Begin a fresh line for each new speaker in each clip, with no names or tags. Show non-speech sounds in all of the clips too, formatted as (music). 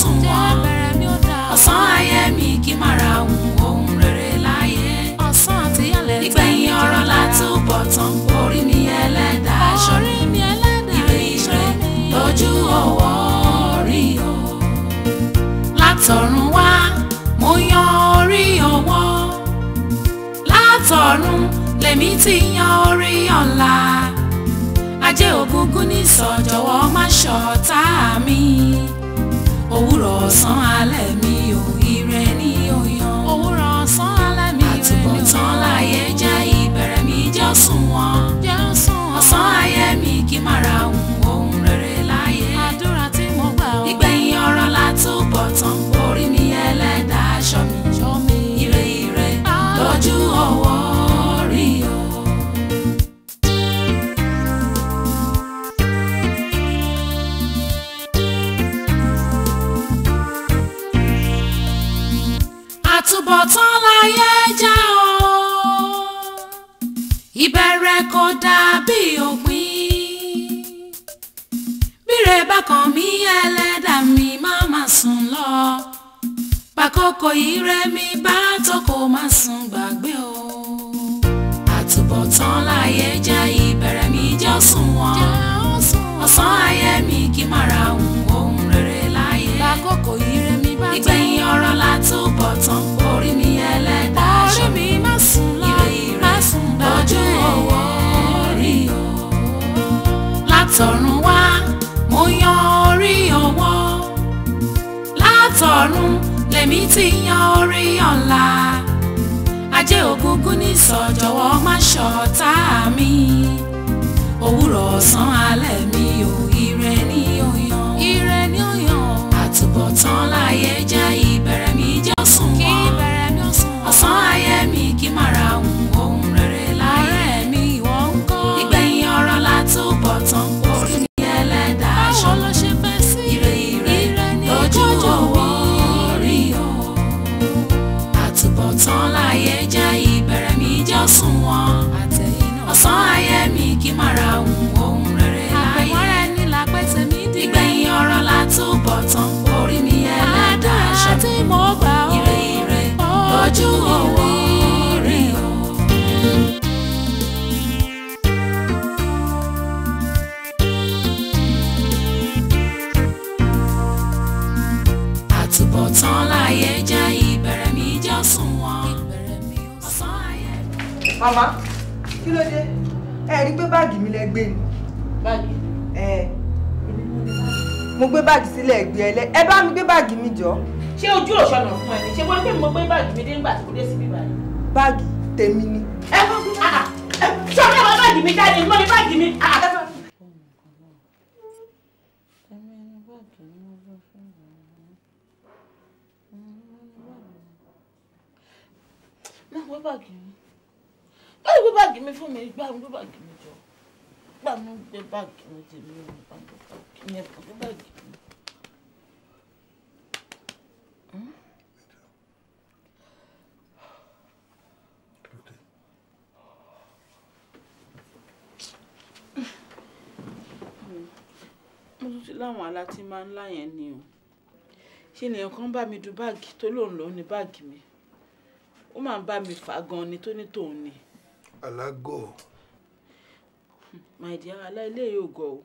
sùn wọ́n ọ̀sán ayé mi kí má ra ohun ohun rere láyé ọ̀sán àti ìyàlẹ̀ ìgbẹ̀yìn ọ̀rọ̀ látúbọ̀ tán orí mi ẹlẹ́dàá aṣọ mi ẹlẹ́dàá ìrìn lójú ọwọ́ rí o látọ̀run wá mo yan orí ọwọ́ látọ̀run lèmi ti yan orí ọ̀la ajé ògúngún ní sọ jọ̀wọ́ má ṣọ̀tá mi òwúrọ̀ ọ̀sán alẹ́ mi ò ire ní oyan. òwúrọ̀ ọ̀sán alẹ́ mi ò ire ní oyan. àtúbọ̀tán láyé jẹ́ ìbẹ̀rẹ̀ mi jẹ́ òṣùwọ̀n. jẹ́ òṣùwọ̀n. ọ̀sán ayé mi kí má ra ohun rere. àkọ̀tán láyé já o ìbẹ̀rẹ̀ kò dàbí òpin bírè bákan mi ẹlẹ́dà mi má má sùn lọ pàkókò ire mi bá tókò má sùn gbàgbé o àtúbọ̀tán láyé jẹ́ ìbẹ̀rẹ̀ mi jẹ́ òṣùwọ̀n ọ̀sán ayé mi kí má ra ohun ohun rere láyé pàkókò ire mi bá tókò má látọ̀run wá mo yan orí ọwọ́ látọ̀run lèmi ti yan orí ọ̀la ajé ògúngún ní sọ̀jọ̀wọ́ má ṣọ̀tá mi òwúrọ̀ ọ̀sán alẹ́ mi ò ire ni ó yan ire ni ó yan àtúbọ̀tán láyé jẹ́ ìbẹ̀rẹ̀ mi jọ́sùn wọn ọ̀sán ayé mi kí má ra wọn.
Mama, kí ló dé ẹ rí pé báàgì mi lẹ gbé ni. báàgì. ẹ mo gbé báàgì sílẹ̀ ẹgbẹ́ ẹlẹ́ ẹ bá mi
gbé báàgì mi jọ. ṣé ojú òṣùwọ̀n fún ẹ ní ṣé wọ́n pé mo gbé báàgì mi dé nígbà tí mo dé síbí báyìí. báàgì tèmi ni. ẹ fún mi ṣé ọ̀rẹ́ wa báàgì mi jáde mọ́ ah, ni báàgì mi. Mọ̀ wọ́n báàgì mi ó gbé báàgì mi fún mi gbá mi gbé báàgì mi jọ gbá mi gbé báàgì mi tèmi ò ní báàgì mi yẹn gbé báàgì mi. Hmm. mo tún ti láwọn àlá máa ń lá ni o ṣe nìyẹn kan bá mi du báàgì tó lòun lòun ní báàgì mi ó máa ń bá mi fà gan ni tó ní tòun ni
alágọ̀.
my dear aláìlé yóò gọ o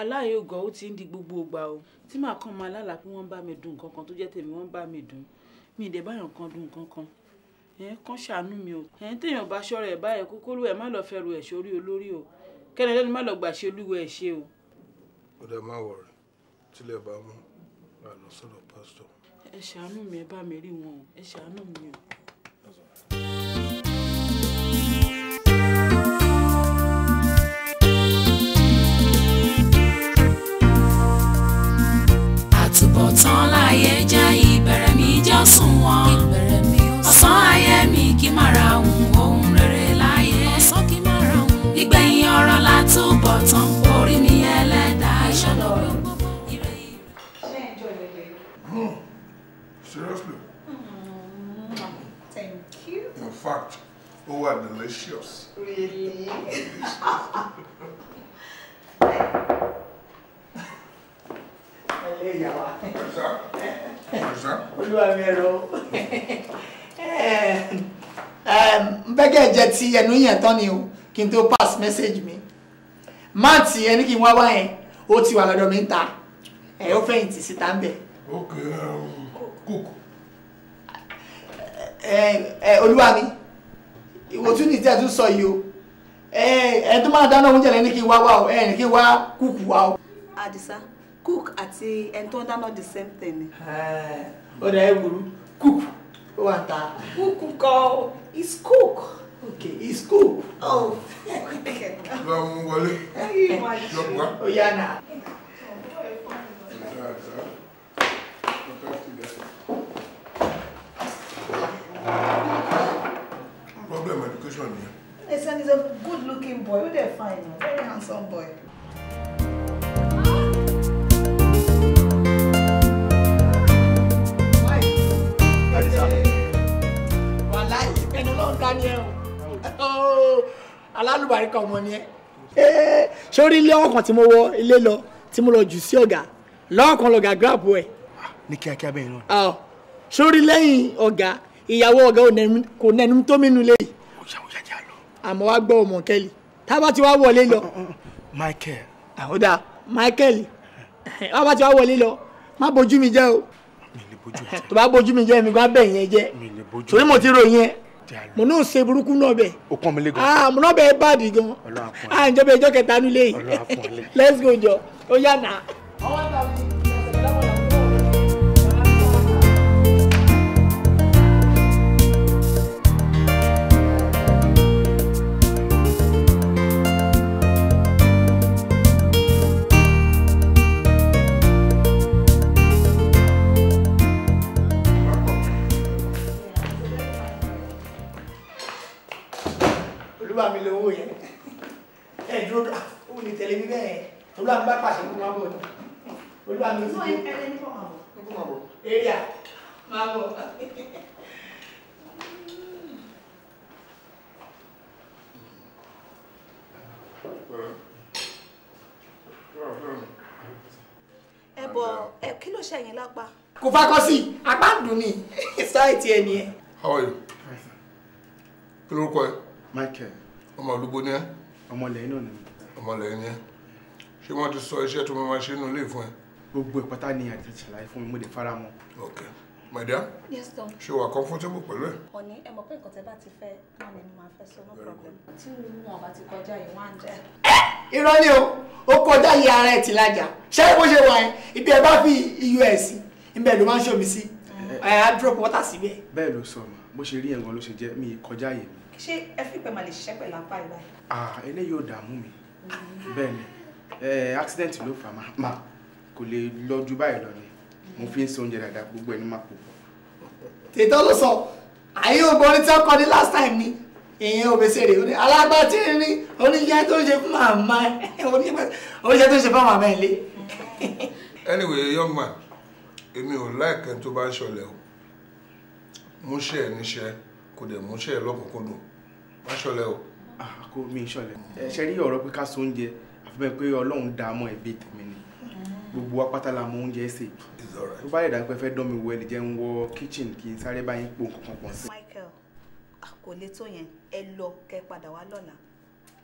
aláìlé yóò gọ o ti ń di gbogbo ìgbà o tí màá kàn máa lálàá pé wọ́n bá mi dùn nǹkan kan tó jẹ́ tèmi wọ́n bá mi dùn mi ì dẹ̀ báyọ̀ kan dùn nǹkan kan ẹ̀ẹ́n kan ṣàánú mi o ẹ̀ẹ́n téèyàn bá ṣọ́ra ẹ̀ báyẹn kókólú ẹ̀ má lọ fẹ́ ru ẹ̀ṣọ́ orí olórí o kẹ́nìlẹ́ni má lọ gbà ṣe olúwo ẹ̀ ṣe o.
ó dẹ má wọ̀ rẹ̀ tílẹ̀ bá mú àlọ́ sọ̀rọ̀ pásítọ̀. ẹ ṣàánú mi ẹ bá mi rí wọn o ẹ ṣàánú mi o.
ayé jẹ́ ìbẹ̀rẹ̀ mi jẹ́ òṣùwọ̀n ọ̀sán ayé mi kí má ra ohun ohun rere láyé ìgbẹ̀yìn ọ̀rọ̀ la túbọ̀ tán orí mi ẹlẹ́dàá ìṣọ̀lọ̀ rẹ̀.
Hmm. Seriously? Mm, thank you. In fact, oh, are delicious. Really? Delicious. (laughs) ẹ yà wá.
olúwa mi ẹ̀rọ n fẹ́ kẹ́ ẹ jẹ ti ẹnu yẹn tán ni o kí n tó pass message mi má ti ẹni kí n wá wá yẹn ó ti wà lọ́dọ̀ mi ń ta ẹ ó fẹ̀yìntì síta ń bẹ̀. ok kúkú. olúwa mi ìwò tún ní tí a tún sọ yìí o ẹ ẹ tó máa dáná oúnjẹ lẹ́ni kí n wá wá o ẹ ní kí n wá kúkú wá o.
àdìsá cook àti ẹni tó ń dáná the same thing ni.
ó dà ẹ wúru cook ó wà
ta. cook kọ
is cook. ok is cook. Oh. lọ mú wọlé lọ wá. ó yá nà. problem education ni. ẹ son is a good looking boy ó dẹ̀ fine o very handsome boy. ńlá ni ẹ o (laughs) oh, alálùbáríkà ọmọ ni ẹ. sórí ilé ọkàn tí mo wọ ilé lọ tí mo lọ jù sí ọ̀gá lọ́ọ̀kan lọ́gà gíráàbù ẹ̀. ní kíákíá bẹ́ẹ̀ náà. sórí lẹ́yìn ọ̀gá ìyàwó ọ̀gá kò nẹnu tó mínú lé yìí. àmọ́ wá gbọ́ ọmọ kẹ́lì tá a bá ti wá wọlé lọ. Mm, mm, mm. Michael. àhódà Michael wá bá ti wọlé lọ má bójú mi jẹ́ o tó bá bójú mi jẹ́ mi gbá bẹ́ẹ̀ yẹn jẹ́ torí mo ti ròyìn ẹ mo náà ṣe burúkú náà bẹ ah mo náà bẹ báàdì gan ah ǹjẹ́ bẹ ẹjọ́ kẹta nílé
yìí
let's go jọ ó yà náà. gbà mí lówó yẹn ẹ dúró ká ó lè tẹ̀lé mi bẹ́ẹ̀ olúwa mi bá pàṣẹ fún wọn bọ̀ ni olúwa mi ti
bọ̀ area máa bọ̀. ẹ bọ ẹ kí ló ṣe yín lápá.
kò fakọ sí apá ń dùn ní ṣáìtì ẹ nìyẹn.
how are you?
kí lorúkọ ẹ. Michael ọmọ olúgbó ni ẹ. ọmọ lẹ́yìn náà ni. ọmọ lẹ́yìn ni ẹ ṣé wọ́n ti sọ iṣẹ́ tó máa ṣe nínú ilé fún ẹ. gbogbo ẹ̀ pátá ni àti ṣàlàyé fún mi mo lè fara mọ́. ok my dear. yes sir. ṣé wà comfortable pẹ̀lú ẹ.
ọ̀ní ẹ mọ̀ pé nǹkan tẹ́ bá ti fẹ́ náà ni máa fẹ́ so no problem. tí wọn bá ti kọjá yìí wọ́n á jẹ́. Eh!
irọ́ ni o ó kọjá yìí ara ẹ̀ ti lájà ṣé bó ṣe wà yẹn ibi ẹ bá fi iyọ̀ ẹ̀ sí
ibẹ̀ ló máa ń ṣòmí sí
ẹ̀
eh. á eh, drop water síbẹ̀.
bẹ́ẹ̀ ló sọ ma bó ṣe rí yẹn gan ló ṣe jẹ́ mi kọjá yìí
ṣé ẹ fi pẹ̀ máa lè ṣiṣẹ́ pẹ̀lú apá ìwà yìí.
ah eléyìí ò dààmú mi bẹ́ẹ̀ ni eh, accident ló fà má má kò lè lọ ju báyìí lọ ni mo fi ń se oúnjẹ dáadáa gbogbo ẹni máa pò pọ̀.
tètè ló sọ àyè ògbóni tí wọn kọ ní last time ni ìyẹn òbèsè rè oní alágbàtí ní oníṣẹ́ tó ń ṣe fún màmá ẹ oníṣẹ́ (laughs) tó ń ṣe fún màmá ẹ lé.
(laughs) anyway young man èmi ò láìkẹ́ tó bá ń ṣọlẹ̀ o múṣẹ́ ẹ̀ níṣẹ́ kò dẹ̀ múṣẹ́ ẹ̀ lọ́kùnkúndùn má ṣọlẹ o. Ah, kò mí ṣọlẹ ẹ ṣe rí ọ̀rọ̀ pé ká so oúnjẹ
àfihàn pé Ọlọ́run dá mọ́ ẹ̀bí tèmi ni gbogbo apáta la mọ oúnjẹ ṣe tó bá lè dá pé fẹ́ dán mi wọ ẹni ń wọ kíchìn kí n sáré bá pò nǹkan pọ̀ sí.
Michael ah, kò lè tó yẹn ẹ lọ kẹ padà wá lọ́la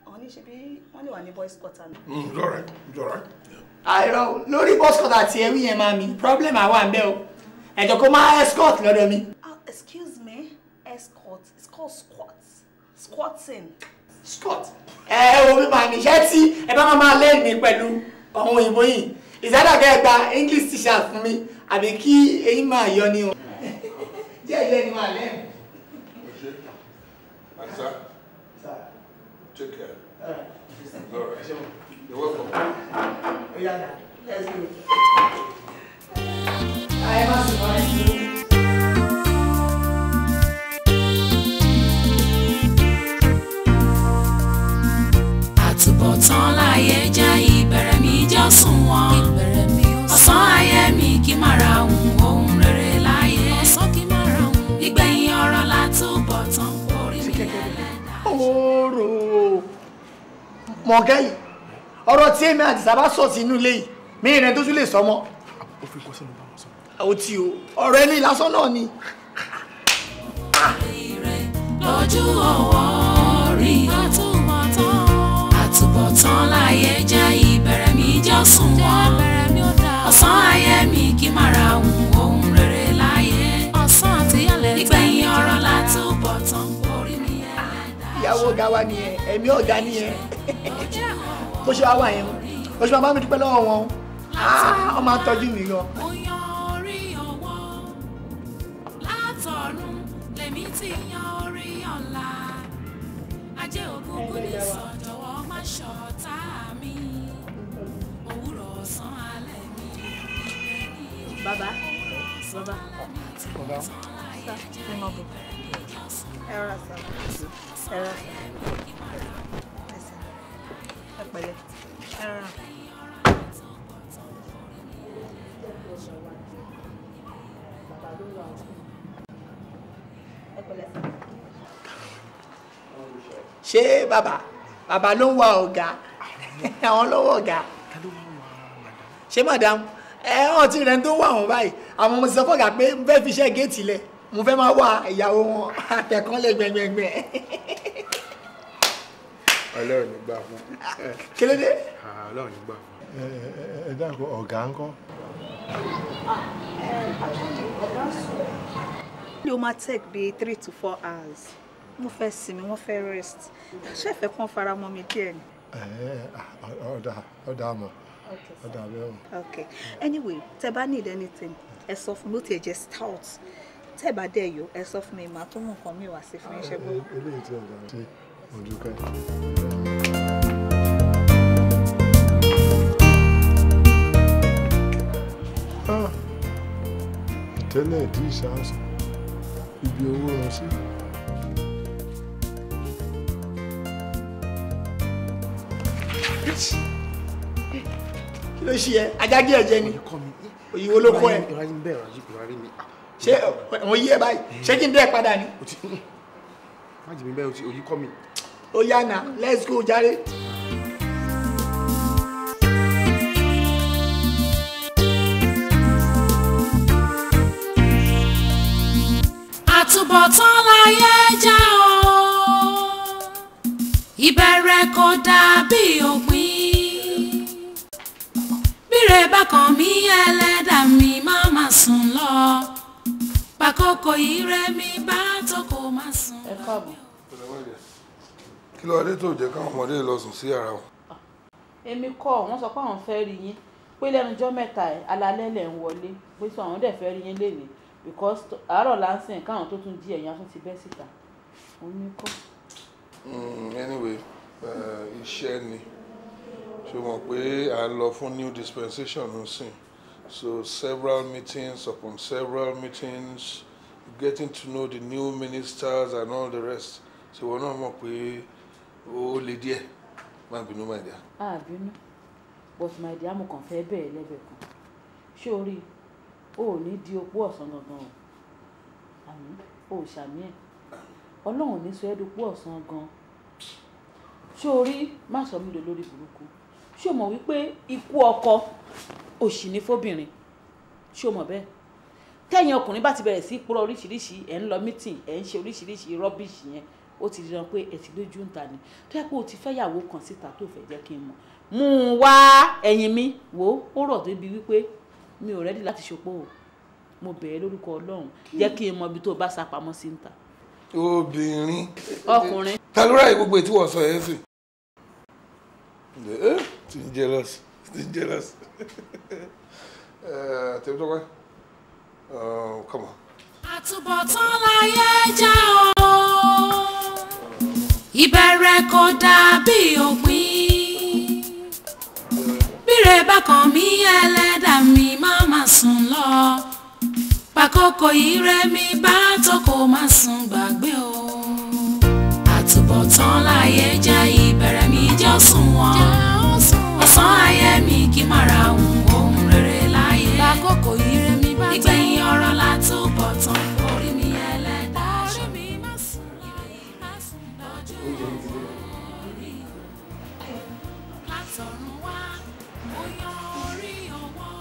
àwọn oníṣe bí wọ́n lè wà ní boys quarter náà.
lọ́rẹ̀
lọ́rẹ̀. àìrọ lórí boys quarter tí ewì yẹn máa mi problem àwa ń bẹ o ẹ̀jọ̀ kó máa escort lọ́dọ̀ mi.
Ah, excuse me escort it's called squats squatting. squat.
ẹ omi màá níṣẹ́ tí ẹ bá máa lé mi pẹ̀lú ọ̀hún òyìnbó yìí ìsádàkẹ́ ẹ̀ka english teacher fún mi àbí kí eyín máa yọ ní o.
(laughs) díẹ̀ díẹ̀ ni màá lẹ́yìn. ọ̀ṣẹ́ àṣà take care. All right. All right. You're welcome. Oh, yeah, let's go.
I am a you.
mọ̀ọ́gá yìí ọ̀rọ̀ tí èmi àti sábà sọ sí inú ilé yìí mi ìrìn tó tún lè sọmọ.
ó fi kọ́ sínú báwọn sọ.
ó ti o ọ̀rọ̀ ẹni lásán náà ni.
lójú ọwọ́ rí àtúbọ̀tán àtúbọ̀tán láyé jẹ́ ìbẹ̀rẹ̀ mi jọ́sùn wọn ọ̀sán ayé mi kí mara ohun ohun rẹ̀.
ìyàwó ọ̀gá wa nìyẹn ẹ̀mí ọ̀gá nìyẹn bó ṣe wá wà yẹn bó ṣe máa bá mi dúpẹ́ lọ́wọ́ wọn ah, ọ máa tọ́jú mi lọ.
ajé bàbá bàbá bàbá ẹ mọ̀ bọ̀ ẹ rà
sábà ẹ̀rọ ẹ̀pẹ̀lẹ̀ ẹ̀rọ.
ṣé bàbá bàbá ló ń wa ọ̀gá (laughs) àwọn lọ́wọ́ ọ̀gá ṣé madam ẹ̀ ọ́n ti rẹ̀ ń tó wà wọ́n báyìí àwọn ọmọ sísọ fọ́gà pé ń fẹ́ fi iṣẹ́ géètì lẹ̀ mo fẹ́ máa wá ìyàwó wọn àtẹ̀kọ́lẹ̀ gbẹ̀gbẹ̀gbẹ̀.
ọlọ́run ní gbà fún. kílódé. ọlọ́run ní gbà fún.
ẹ dáko ọ̀gá ń kọ́.
ní o máa take bíi three to four hours mo fẹ́ sinmi wọ́n fẹ́ rest ṣé ìfẹ́ kan fara mọ́ mi díẹ̀ ni.
ọ̀dà ọ̀dà mọ̀ ọ̀dà bẹ́ẹ̀ mọ̀.
okay anyway tẹ bá need anything ẹ sọ fún mi ó tiẹ̀ jẹ́ stout tẹ́ bá dẹ̀ yó ẹ sọ fún mi màá tó mú nǹkan mi wá sí fún yín ṣẹ́gbọ́n.
Ah, eh, eléyìí tí ọ̀gá ti ọ̀dùnkẹ́. Ah, tẹ́lẹ̀ tí ìṣàásùn ibi owó rán sí.
kí ló ṣe ẹ ajá gé ẹ̀jẹ̀ ni òyìnbó ló kọ́ ẹ ṣé wọ́n yí ẹ báyìí ṣé kí n dẹ́ padà ni.
má jìbí bẹ́ẹ̀ òyì kọ́ mi.
ó yá na let's go jàre.
àtúbọ̀tán láyé já o ìbẹ̀rẹ̀ kò dàbí òpin bírè bá kàn ẹlẹ́dàá mi má má sùn lọ bàkókò yìí mi bá tó má sùn. ẹ káàbọ̀.
kí ló adé tó jẹ́ káwọn ọmọdé lọ sùn sí ara wọn.
èmi
kọ́ wọ́n sọ pé àwọn fẹ́ rí yín pé lẹ́nu ọjọ́ mẹ́ta ẹ̀ alalẹ́ ń wọlé pé sọ àwọn dẹ̀ fẹ́ rí yín lénìí because àárọ̀ láǹsìn káwọn tó tún jí ẹ̀yìn atún ti bẹ́ síta òun ní
hmm, anyway eh, iṣẹ́ ni ṣe mọ̀ pé à ń lọ fún new dispensation ń sìn. So several meetings upon several meetings, getting to know the new ministers and all the rest. So wọ́n náà mọ̀ pé ó le díẹ̀ má my má
Ah, a bínú but my dear I'm kàn fẹ́ bẹ̀rẹ̀ lẹ́bẹ̀ẹ́ kan ṣé o rí o ò ní di opó ọ̀sán gangan o àmì o ò ṣàmì ẹ̀ ọlọ́run ní sọ ẹ́ dopó ọ̀sán gan ṣé o rí má sọ mí lò lórí burúkú ṣé o mọ̀ wípé òṣì ní fóbìnrin ṣé o mọ̀ bẹ́ẹ̀ tẹ́yìn ọkùnrin bá ti bẹ̀rẹ̀ sí purọ́ oríṣiríṣi ẹ̀ ń lọ mítìn ẹ̀ ń ṣe oríṣiríṣi rọ́bìṣì yẹn ó ti dìran pé ẹ̀ ti lójú ń ta ni tó yẹ pé o ti fẹ́yàwó kan síta tó fẹ́ jẹ́ kí n mọ̀ mú un wá ẹ̀yìn mi wò ó rọ̀ débi wípé mi ò rẹ́dí láti ṣopó o mo bẹ̀ẹ́ lórúkọ ọlọ́run jẹ́ kí n mọ ibi tó bá sá pamọ́ sí ń ta.
obìnrin ọkùnrin. ta ló ráyè gbogbo ètí wọ́n sọ yẹn sí. ẹ ti ń jẹ́ lọ́sìn. He's jealous. uh, Tèmítọ́pẹ́, uh, come on.
Àtúbọ̀tán láyé jẹ́ o, ìbẹ̀rẹ̀ kò dàbí òpin. Bírè bákan mi ẹlẹ́dà mi máa ma sùn lọ. Pàkókò ire mi bá tókò má sùn gbàgbé o. Àtúbọ̀tán láyé jẹ́ ìbẹ̀rẹ̀ mi jẹ́ òṣùwọ̀n ọ̀sán ayé mi kí má ra ohun ohun rere láyé. lákòókò ire mi bá tán. ìgbẹ̀yìn ọ̀rọ̀ la tó bọ̀ tán. orí mi ẹlẹ́dá ṣe mi má sùn láyé má sùn lọ́jọ́ orí. látọ̀run wá mo yan orí ọwọ́.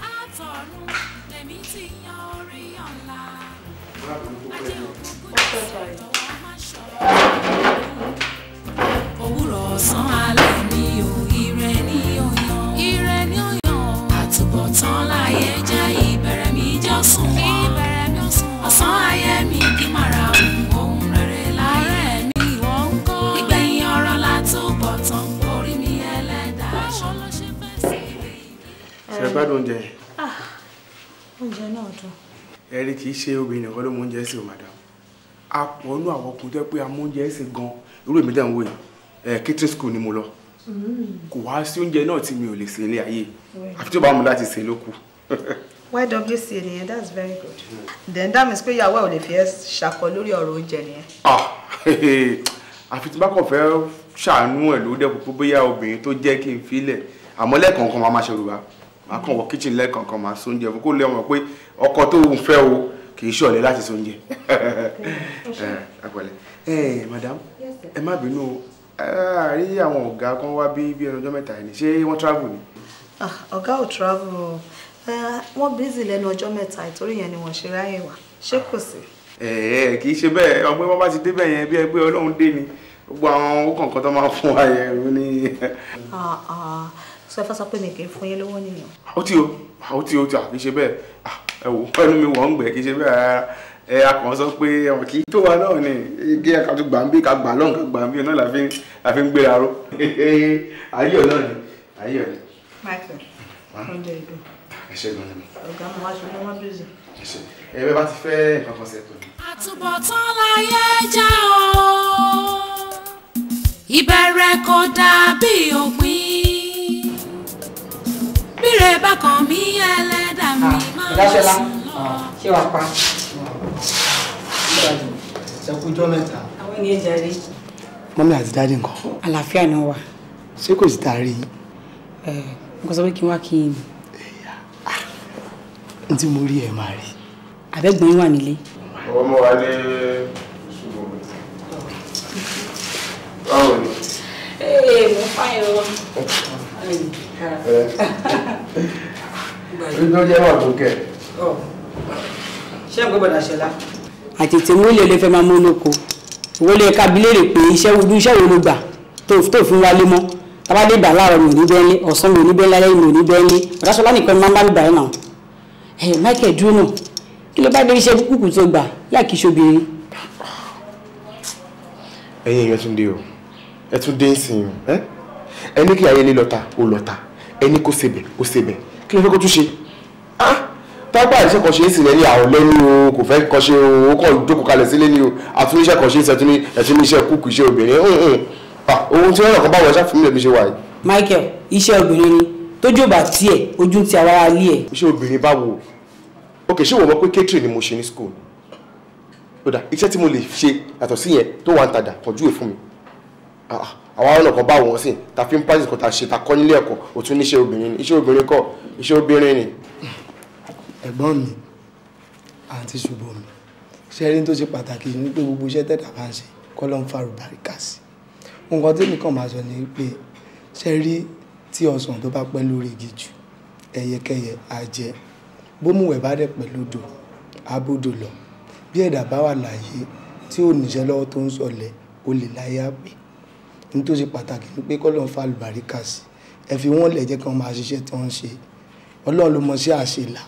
látọ̀run lèmi ti yan orí ọ̀la. ajé òkúkú ti sọ̀tọ̀ wá má ṣọ̀rọ̀. òwúrọ̀ ọ̀sán alẹ́. sùn wọ́n ọ̀sán ayé mi kí má ra ohun rere láyé mi ìgbẹ̀yìn ọ̀rọ̀ la bọ̀ tán orí mi ẹlẹ́dàá aṣọ ló ṣe fẹ́ sí ibi. ṣe gbádùn oúnjẹ. Ah, oúnjẹ náà dùn.
ẹ̀rí kì í ṣe obìnrin nìkan ló mú oúnjẹ sí o madam a pọ̀ nú àwọn ọkùnrin tó yẹ pé a mú oúnjẹ sí gan irú èmi dẹ̀ ń wò yìí catering school ni mo lọ
mm.
kò wá sí oúnjẹ náà tí mi ò lè ṣe ilé ayé àfi tí ó bá mú láti ṣe lókù. (laughs)
YWC nìyẹn that's very good hmm. then that means pé ìyàwó ẹ ò lè fi ẹ ṣàkọ lórí ọ̀rọ̀ oúnjẹ nìyẹn.
Ah, (laughs) àfi tí bá kàn fẹ́ ṣàánú ẹ̀ ló dẹ́kun pé bóyá obìnrin tó jẹ́ kí n filẹ̀ àmọ́ lẹ́ẹ̀kọ̀ọ̀kan máa máa ṣe òrùba máa kàn wọ kitchen lẹ́ẹ̀kọ̀ọ̀kan máa sóúnjẹ fún kó lè mọ̀ pé ọkọ tó ń fẹ́ o kì í ṣọ̀lẹ láti sóúnjẹ. àpẹẹrẹ (laughs) eh, ẹ eh, madam ẹ má bínú àárí eh, àwọn ọ̀gá kan wá bí bí ẹnu ọjọ́ mẹ́ta ẹ̀ ní ṣé wọ́n travel ni.
Ah, ọ̀gá ò travel o Eh, wọ́n bízì lẹ́nu ọjọ́ mẹ́ta ìtorí yẹn ni wọ́n ṣe ráyè wá ṣé kò sí.
ẹ eh, ẹ eh, kì í ṣe bẹ́ẹ̀ ọgbẹ́ wọn bá ti débẹ̀ yẹn bí ẹgbẹ́ ọlọ́run dé ni gbogbo àwọn owó kọ̀ọ̀kan tó máa fún wa yẹn ní.
Ah, ah, sọ fẹ́ sọ pé mi kì í fún yín lówó nìyẹn.
ó ti o ah, ó ti o ti àfi ṣe bẹ́ẹ̀ ẹ wò pẹ́ẹ́nu mi wọ̀ ń gbẹ̀ kì í ṣe bẹ́ẹ̀ rárá ẹ akàn sọ pé ọmọ kì í tó wa náà ni igi ẹka tó gbà ń bí ká gbà lọ́n ká gbà náà la fi ń gbéra ró (laughs) ayọ̀ náà ni ayọ̀ ni. Michael ọjọ́ ìdùn ṣe gan ni.
ọ̀gá mi wá
ṣe lọ́wọ́ bèjì.
ẹ bẹ́ẹ̀ bá ti fẹ́ nǹkan kan ṣe tó ni.
àtúbọ̀tán láyé já o ìbẹ̀rẹ̀ kò dàbí òpin bírè bákan mi ẹlẹ́dàá mi ah, máa ń sùn lọ.
Ah, ṣé wàá pa ṣẹkújọ́ mẹ́ta. àwọn ènìyàn jàre. mọ́mí àti dáàdì nǹkan. àlàáfíà ni wà. ṣé kò sì tààrí. ẹ nǹkan sọ pé kí n wá kí n n tí mo rí ẹ máa rí. àbẹ́gbọ́n yín wà nílé.
ọmọ wa ní ṣùgbọ́n
báwo ni. ee mo fáyọ.
ló jẹ́ wà tó kẹ̀. Oh. ṣé ẹ̀ ń gbọ́dọ̀ ṣẹlá. àtètè ń wọlé ẹlẹ́fẹ́ máa mú olóko ìwọlé ẹ̀ka abilérè pé iṣẹ́ ojú iṣẹ́ wo ló gbà tó fi wálé mọ́ tabade bàlá ọ̀rọ̀ mi ò ní bẹ́ẹ̀ ní ọ̀sán mi ò ní bẹ́ẹ̀ lálẹ́ mi ò ní bẹ́ẹ̀ ní ọ̀dásọ́lá nìkan máa ń bá mi bàá náà. Michael dúró náà kí ló bá dé iṣẹ́ kúkú tó gbà yá kí ṣobìnrin.
ẹ̀yin èèyàn tún dé o ẹ tún dé ìsìn o ẹ ní kí ayẹlé lọta ó lọta ẹ ní kó sebẹ ó sebẹ kí ló fẹ́ kó tún ṣe tágbà iṣẹ́ kan ṣe é sì rẹ̀ ní àwọn lẹ́nu o kò fẹ́ kan ṣe o ó kàn jókòó kalẹ̀ sílé ni o àtúnṣe kan ṣe é sì iṣẹ́ kúkú iṣẹ́ obìnrin ohun tí wọ́n rọ̀ kan báwọn ẹ̀ṣá fún mi lè fi ṣe wà
Michael iṣẹ́ obìnrin ni tójú ò bá tiẹ̀ ojú ti àwọn ará ilé ẹ̀. ṣé obìnrin bá wo
ok ṣé wọ́n mọ̀ pé catering ni mo ṣe ní school kódà iṣẹ́ tí mo lè ṣe yàtọ̀ sí yẹn tó wà ń tajà kọjú ẹ̀ fún mi ah, ah, àwa ọ̀nà kan bá wọn sí ta fi ń pàṣẹ kan ta ṣe ta kọ́ nílé ẹ̀kọ́ ò tún níṣẹ́ obìnrin ni iṣẹ́ obìnrin kọ́ iṣẹ́ obìnrin ni.
ẹ̀gbọ́n mi àǹtí ṣubú mi ṣẹ́rí tó ṣe pàtàkì ní pé gbogbo iṣẹ́ tẹ̀dá máa ń ṣe kọ́ ló ń fa rògbàríkà sí nǹkan tí nìkan máa sọ ni pé ṣẹ́rí tí ọsàn tó bá pẹ́ lórí igi jù ẹyẹkẹyẹ á jẹ bómùwẹ̀ bá dẹ̀ pẹ́ lódò abódò lọ bí ẹ̀dá bá wà láàyè tí ò níṣẹ́ lọ́wọ́ tó ń sọlẹ̀ ó lè láyé àpè ní tó ṣe pàtàkì ni pé kọ́lọ́n fa àlùbáríkà sí ẹ fi wọ́n lẹ̀ jẹ́ kí wọ́n máa ṣiṣẹ́ tí wọ́n ṣe ọlọ́run ló mọ sí àṣelà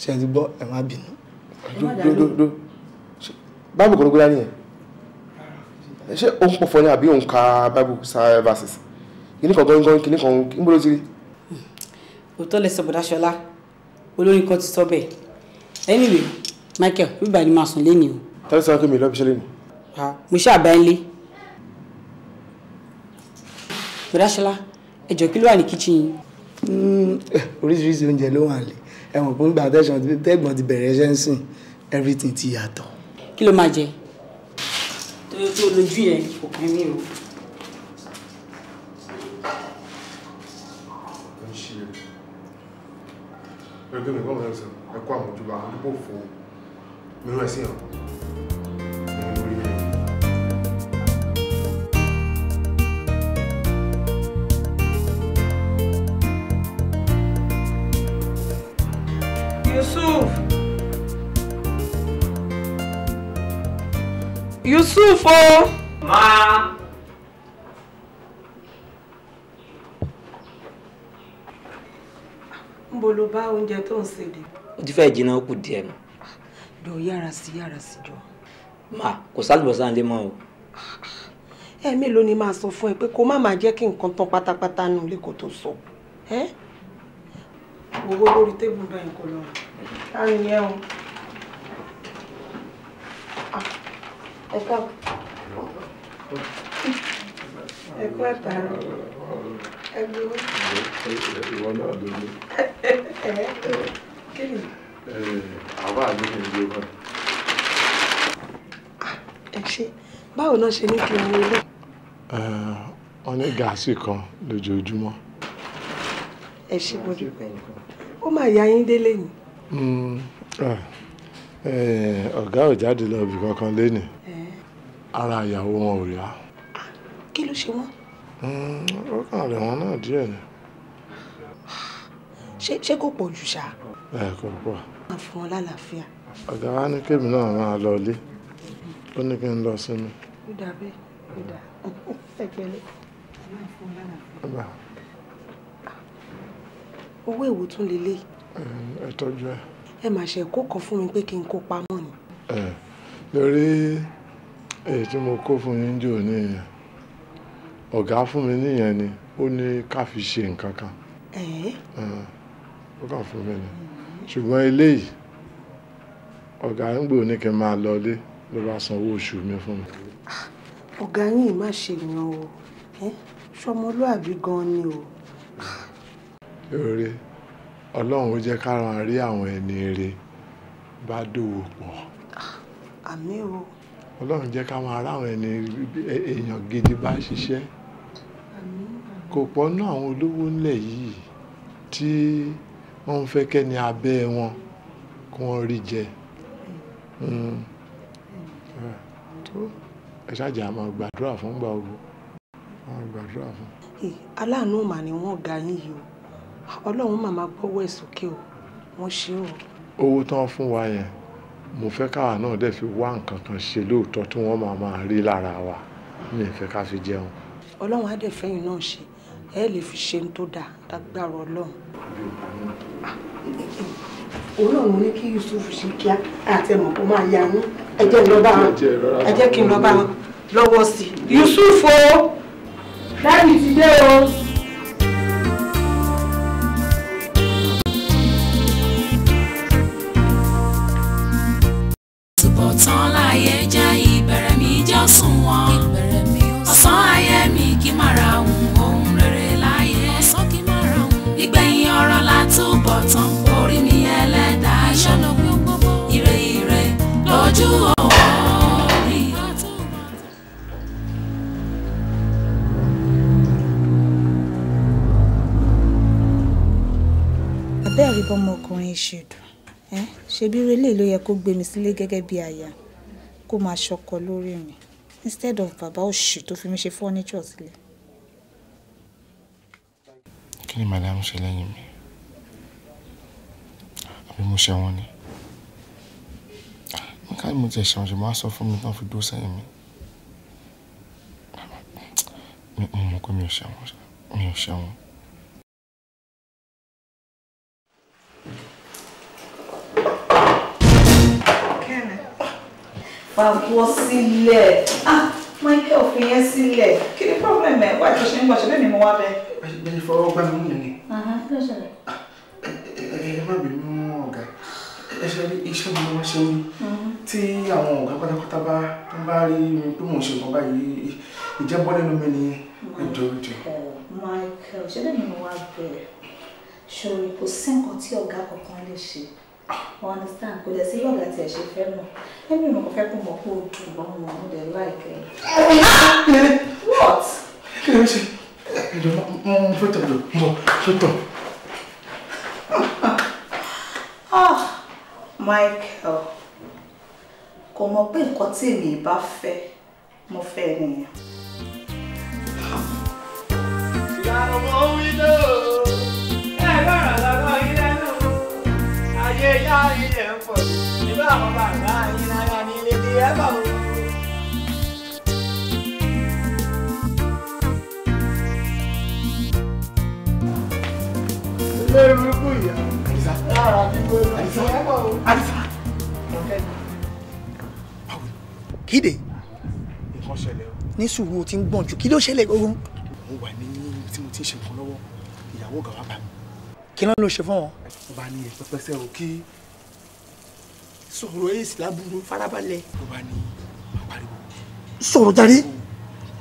ṣe ti gbọ́ ẹ má bínú. báàbù
kò ló gbé dání yẹn ṣé òun pọ̀ fọ́ ni àbí òun ka báàbù verses kìnnì kan gọ́ngọ́n kìnnì kan ń bọ́ ló
òótọ́ lẹ sọ bọ̀dá ṣọlá olórin kan ti sọ bẹ́ẹ̀ anyway michael bíbá ni máa sùn lẹ́nìí o. tẹ́lẹ̀ sọ pé mi lọ́ọ́ fi ṣe lẹ́nìí. mo ṣe àbá ilé. bọ̀dá ṣọlá ẹ̀jọ̀ kí ló wà ní kíchìn
hmm, eh, oríṣiríṣi oúnjẹ ló wà lé ẹ̀wọ̀n fún gbà tẹ́gbọ̀n ti bẹ̀rẹ̀ ẹṣẹ́ ń sìn everything ti yàtọ̀.
kí ló máa jẹ? tó lójú yẹn kò kàn mí o.
ẹgbẹ́ mi bọ́ọ̀lù ẹ̀sìn ẹ̀kọ́ àmójúbà àdúgbò fò mìíràn ẹ̀sìn hàn mo assim, ó.
Yusuf Yusuf Oh. bá oúnjẹ tó ń ṣe dé.
ó ti fẹ́ jiná kù díẹ̀ nù.
jọ yára sí yára sí jọ.
ma kò lé mọ́ o.
ẹ ni máa sọ fún ẹ pé kó má máa jẹ́ kí nǹkan tán pátápátá nù lé kó tó sọ. owó lórí tébù o.
ẹ ẹ ìwọ náà ló ní. àwa mi ni ìlú kan.
Ah, ẹ ṣe báwo náà ṣe ní kí n wo ilé.
wọ́n eh, ní gáàsì kan lójoojúmọ́.
ẹ ṣe mo dúpẹ́ ó máa ya yín délé ni.
Hmm, eh, eh, ọ̀gá ò jáde lọ ibì kankan lénìí ara ìyàwó wọn ò rí ah, kí ló ṣe wọ́n. Mm, ó kàn rẹ̀ wọ́n náà díẹ̀ ni.
ṣé kò pọ̀ jù ṣá.
ẹ kò pọ̀.
máa fún ọ lálàáfíà.
ọ̀gá wa ní kébì náà máa lọ ilé ó ní kí n lọ sinmi.
ó dà bẹ́ẹ̀ ó dà ẹgbẹ́lẹ́ máa fún ọ
lálàáfíà.
owó èwo tún lélẹ̀. ẹ tọ́jú ẹ. ẹ máa ṣe ẹ̀kọ́ kan fún mi pé kí n kó pamọ́ ni.
ẹ lórí èyí tí mo kó fún yín jò ní ìyẹn ọ̀gá fún mi níyẹn ni ó ní ká fi ṣe nǹkan kan ó kàn fún mi ni ṣùgbọ́n eléyìí ọ̀gá ń gbò ní kí n máa lọlé ló bá sanwó oṣù mi fún mi. Ah,
ọ̀gá yín má ṣe yan o ṣọmọlúàbí gan ni o.
eré ọlọ́run ó jẹ́ káran rí àwọn ẹni eré bá dòwò pọ̀. Ah, àmín o. ọlọ́run jẹ́ ká máa ẹni èèyàn gidi bá ṣiṣẹ́ kò pọ̀ nú àwọn olówó ńlẹ̀ yìí tí wọ́n ń fẹ́ kẹ́ni abẹ́ wọn kí wọ́n rí jẹ. Hmm. ẹ ṣáàjà àmọ́ gbàdúrà fún gbà owó àwọn gbàdúrà fún.
aláàánú mà ni wọ́n ga yín yìí o ọlọ́run màmá gbọ́wọ́ ẹ̀ sókè o wọ́n ṣe o.
owó tán fún wa yẹn mo fẹ́ káwa náà dẹ̀ fi wá nǹkan kan ṣe lóòótọ́ tí wọ́n máa máa rí lára wa mi ò fẹ́ ká fi jẹun.
ọlọ́run á dẹ̀ fẹ́yìn náà ṣe ẹ lè fi ṣe ń tó dáa lágbára ọlọ́run. ọlọ́run ní kí Yusuf ṣe kíá àti ẹ̀mọ̀ kó máa ya yín ẹ jẹ́ kí n lọ bá wọn ẹ jẹ́ kí n lọ bá wọn lọ́wọ́ sí Yusuf o láti ti dé o. yín ṣe dùn ẹ ṣebí irú eléyìí ló yẹ kó gbé mi sílé gẹ́gẹ́ bí aya kó máa ṣọkọ lórí mi instead of bàbá òṣì tó fi mi ṣe furniture sílẹ̀.
kí ni madam ṣe lẹ́yìn mi àbí mo ṣe wọn ni nǹkan mo ti ṣe wọn ṣe máa sọ fún mi náà
fi dúró sẹ́yìn mi mi ò mọ̀ pé mi ò ṣe wọn mi ò ṣe wọn.
pàgọ́ sílẹ̀ ah michael fi yẹn sílẹ̀ kí ni problem ẹ̀ wájú ṣe ń gbọ́ ṣe lẹ́nu mo wá bẹ́ẹ̀.
bẹ́ẹ̀ fọwọ́ gbá mi nìyẹn. Ah, ẹ má bínú ọ̀gá ẹ ṣe rí iṣẹ́ mi wọ́n ṣe ń mhm. tí àwọn ọ̀gá pátápátá bá ń bá rí mi pé mò ń ṣe nǹkan báyìí ìjẹ́bọ́ lẹ́nu mi nìyẹn ìjọ ìjọ.
michael ṣe lẹ́nu mo wá bẹ̀rẹ̀ ṣòro kò sí nǹkan tí ọ̀gá kankan lè ṣe o understand kò dẹ̀ sí yọ̀gá tí ẹ̀ ṣe fẹ́ mọ̀ ẹ̀mí mo fẹ́ kó mọ̀ kó o dùn mọ́ mo mo dẹ̀ láìpẹ́. what. kí ló ń ṣe
ẹ̀jọ̀ mo fẹ́ tọ̀ lọ mo fẹ́ tọ̀.
Ah, Michael kò mọ̀ pé nǹkan tí èmi bá fẹ́ mo fẹ́ nìyẹn. ìyá ọmọ wí lóò ẹ bá rà lára yín
ayé yá ilẹ̀ ń pọ̀ nígbà àwọn bàbá yín náírà ní ilé tí ẹ bá wò. ilé burúkú ìyá lára bí gbogbo ẹ o. Ní sùúrù Mo
wà ní tí mo ti ń ṣe nǹkan lọ́wọ́. Ìyàwó wa bá mi
kí ló ló ṣe fún wọn.
ọba ní ẹ pẹpẹsẹ o kí sọ̀rọ̀ èsì lábúrò farabalẹ̀. ọba ní
pariwo. sọ̀rọ̀ jáde.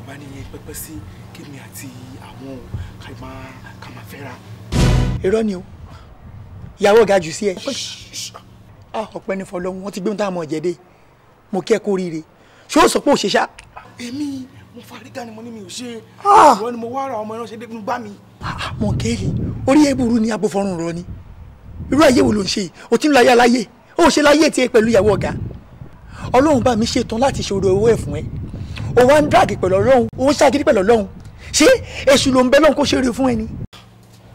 ọba ní ẹ pẹpẹsẹ kémi àti àwọn kàmá kàmá fẹ́ra.
irọ́ ni o ìyàwó ọ̀gá jù sí ẹ. ọpẹ́ ní fọlọ́hún wọ́n ti gbé mi táwọn ọmọ ọ̀jẹ̀dẹ̀ mo kẹ́ kó ríire ṣé ó sọ pé òṣèṣá.
èmi mo fariga ni mo ní mi ò ṣe
ah! ìwọ ni mo wá ra ọmọ ẹran
ṣe dé gbá mi.
Ah, ah, mo orí ẹ̀bùrú ni abófọ́rùn rọ ni irú ayé wo ló ń ṣe yìí o ti ń lo ayé aláyé o ò ṣe láyé tiẹ̀ pẹ̀lú ìyàwó ọ̀gá ọlọ́run bá mi ṣetán láti ṣe oore owó ẹ̀ fún ẹ o wá ń dàgì pẹ̀lú ọlọ́run o ń ṣàgídí pẹ̀lú ọlọ́run ṣé èṣù ló ń bẹ lọ́run kó ṣe oore fún ẹ ni.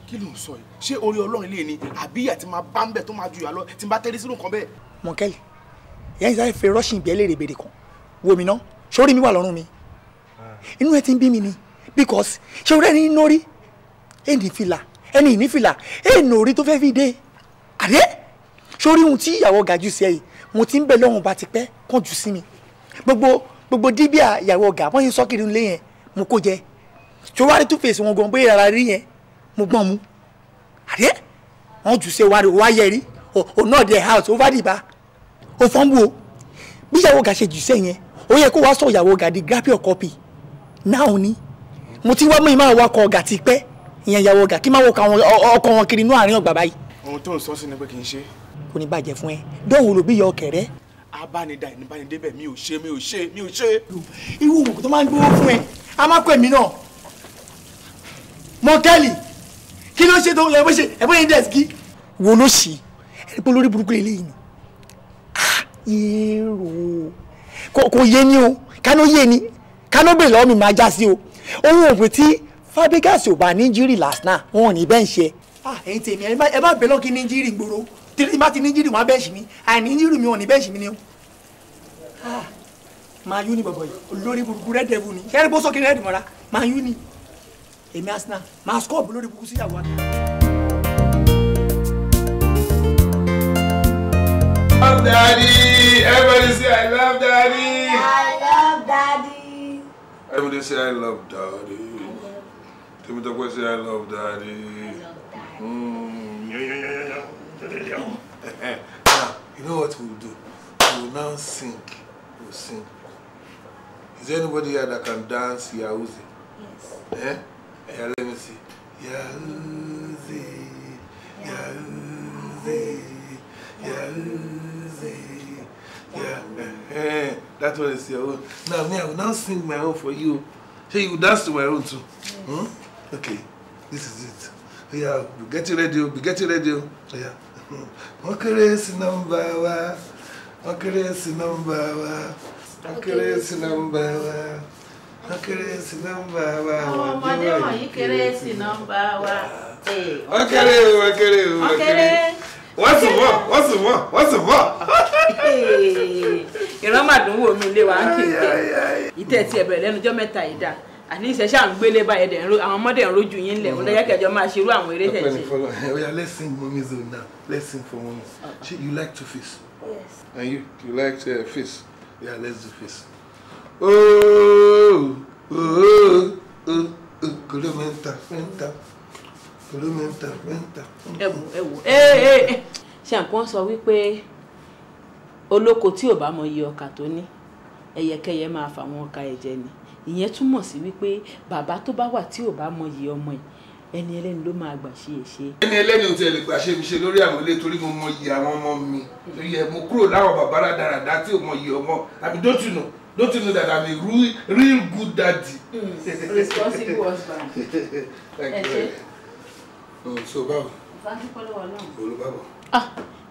kí ló ń sọ yìí ṣé orí ọlọ́run ilé ni àbí ìyà tí máa bá ń bẹ̀ tó máa
ju ìyà lọ tí máa tẹ́rí sínú kan bẹ́ẹ̀. mọ̀kẹ́lì ìyá ìsáyẹ̀ fẹ́ rọ́ṣìn ìgbẹ́ lè rèbèrè kan wo mi ná sórí mi wà lọ́rùn mi ah. inú ẹ ti ń bí mi ni because ṣé ẹni ń nórí ẹni fìlà ẹni ìnífìlà ẹ̀ẹ́nà orí tó fẹ́ fi dé àdé sórí ohun tí ìyàwó ọ̀gá jù sí ẹ yìí mo ti ń bẹ lọ́hùn bá ti pẹ́ kàn jù sí mi gbogbo gbogbo díbíà ìyàwó ọ̀gá wọ́n yín sọ́kiri ńlẹ̀ yẹn mo kó jẹ sórí wàá tú fèsì wọn gan bóyá rárá rí yẹn mo gbọ́n mu àdé wọ́n jù sí wàá rí wàá yẹ rí o náà dé house ó bá dìbà ó fọ́n bù o bí ìyàwó ọ̀gá ṣe jù sí yẹn ó yẹ kó wàá sọ ìyàwó ọ̀gá di grapio copy náà ò ní mo ti wá mọ́ ìmáà wakọ̀ ọ̀gá ti pẹ́ ìyẹn ìyàwó ọ̀gá kí má wo ọkọ wọn kiri inú àárín ọgbà báyìí.
ohun tó ń sọ sí ni pé kì í ṣe.
kò ní bàjẹ́ fún ẹ dọ́wọ́ ló bí yọ ọkẹ̀rẹ́.
abánidá ìníbánidébẹ̀ mi ò ṣe mi ò ṣe
mi ò ṣe. irú òògùn tó máa ń gbowó fún ẹ a máa pè mí náà mọ́tẹ́lì kí ló ṣe tó ẹ bó ṣe ẹ dẹ́sìkì. wo ló ṣì ẹ pé olórí burúkú eléyìí ni ah, kò yé ni o kánú yé ni kánú bèèrè lọ́wọ́ mi máa já sí o òun ò tí Fabregas ò bá níjírì last náà wọn ò ní bẹ́ẹ̀ ṣe. Ah, ẹ̀yin tèmi ẹ má bẹ lọ́kì níjírì gbòòrò tèmi má ti níjírì wọn bẹ́ẹ̀ ṣì mí àìníjírì mi ò ní bẹ́ẹ̀ ṣì mí ah, máa yún ni bọ̀bọ̀ yìí olórí burúkú rẹ̀ dẹ̀bù ni kẹ́rì bó sókè rẹ̀ dìmọ̀ra máa yún ni èmi Arsenal máa skọ́ọ̀bù lórí burúkú síyàwó wa.
I love daddy everybody say I love daddy. I
love daddy.
everybody say I love daddy. Tell me the question I love daddy. I love daddy. Mm, eh, eh. now, you know what we'll do? We will now sing. We'll sing. Is there anybody here that can dance Yahoozy? Yes. Eh? Yeah, let me see. Yahoozy, Yahoozy, Yahoozy. Yeah, eh, eh. that's what it's your own. Now, me, I will now sing my own for you. So you dance to my own too. Yes. Hmm? okay this is it oya oh, be getting ready o oh, be getting ready o Okay. wọ́n kéré Okay. nọ́mbà wa wọ́n kéré sí nọ́mbà wa wọ́n kéré sí nọ́mbà wa wọ́n kéré sí nọ́mbà wa àwọn ọmọdé wọ̀nyí kéré sí
nọ́mbà wa. wọ́n kéré o wọ́n kéré o wọ́n kéré wọ́n sì wọ́ wọ́n sì wọ́ wọ́n sì wọ́. ìran màdùn àti ìṣẹ́ ṣáà ń gbélé báyìí ẹ̀dẹ̀ àwọn ọmọdé ń rojú yín lẹ̀ ọ̀dọ̀ yẹ́kẹ̀jọ máa ṣe irú àwọn eré tẹ̀ ṣe.
oya let's sing mommy zone now let's sing for mommy you like to face. yes. and you you like to uh, face yeah let's do face. ooo oh, ooo oh, ooo oh, kòló mẹ́ta mẹ́ta kòló mẹ́ta mẹ́ta.
ẹ wò ẹ wò ẹ ẹ ẹ ṣe àǹkan sọ wípé olóko tí ò bá mọ iye ọkà tó ní ẹyẹkẹyẹ máa fà wọn ọkà ẹ̀jẹ̀ ni ìyẹn túmọ̀ sí wípé bàbá tó bá wà tí ò bá mọyì ọmọ ẹ̀ ẹni ẹlẹ́ni ló máa gbà ṣe é ṣe.
ẹni ẹlẹ́ni ò tiẹ̀ gbà ṣe mi ṣe lórí àwọn ilé torí mo mọyì àwọn ọmọ mi torí mo kúrò láwọn bàbá rádaràdá tí ò mọyì ọmọ àbí don't you know don't you know that i'm a real, real good daddy.
Hmm, responsible husband. (laughs) ẹ ṣe. Oh, so báwo. ìfàǹtí pọ́lọ́wọ́ náà. olùbáwọ̀. ah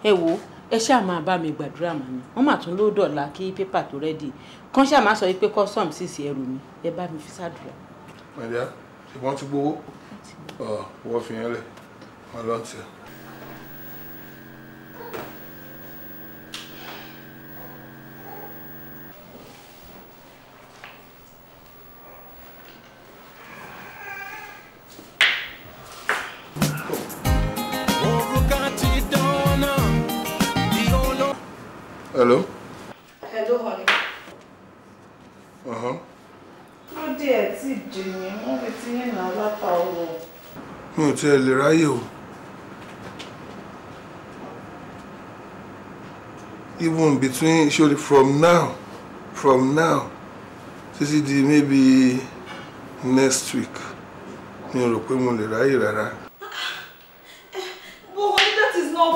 ẹ wo ẹ ṣáà máa bá mi gbàdúrà màmí wọn mà tún ló dọ̀la kí pépà tó rẹ́dì kan ṣáà máa sọ pé custom sì sí ẹrù mi ẹ bá mi fi ṣàdúrà.
ẹ̀dá ṣùgbọ́n ti gbowó wọ́n fi yẹn lẹ̀ wọ́n lọ́ọ́ tiẹ̀. tiẹ̀ lè ráyè o even between surely from now from now títí di maybe next week mi ò rò pé mo lè ráyè rárá.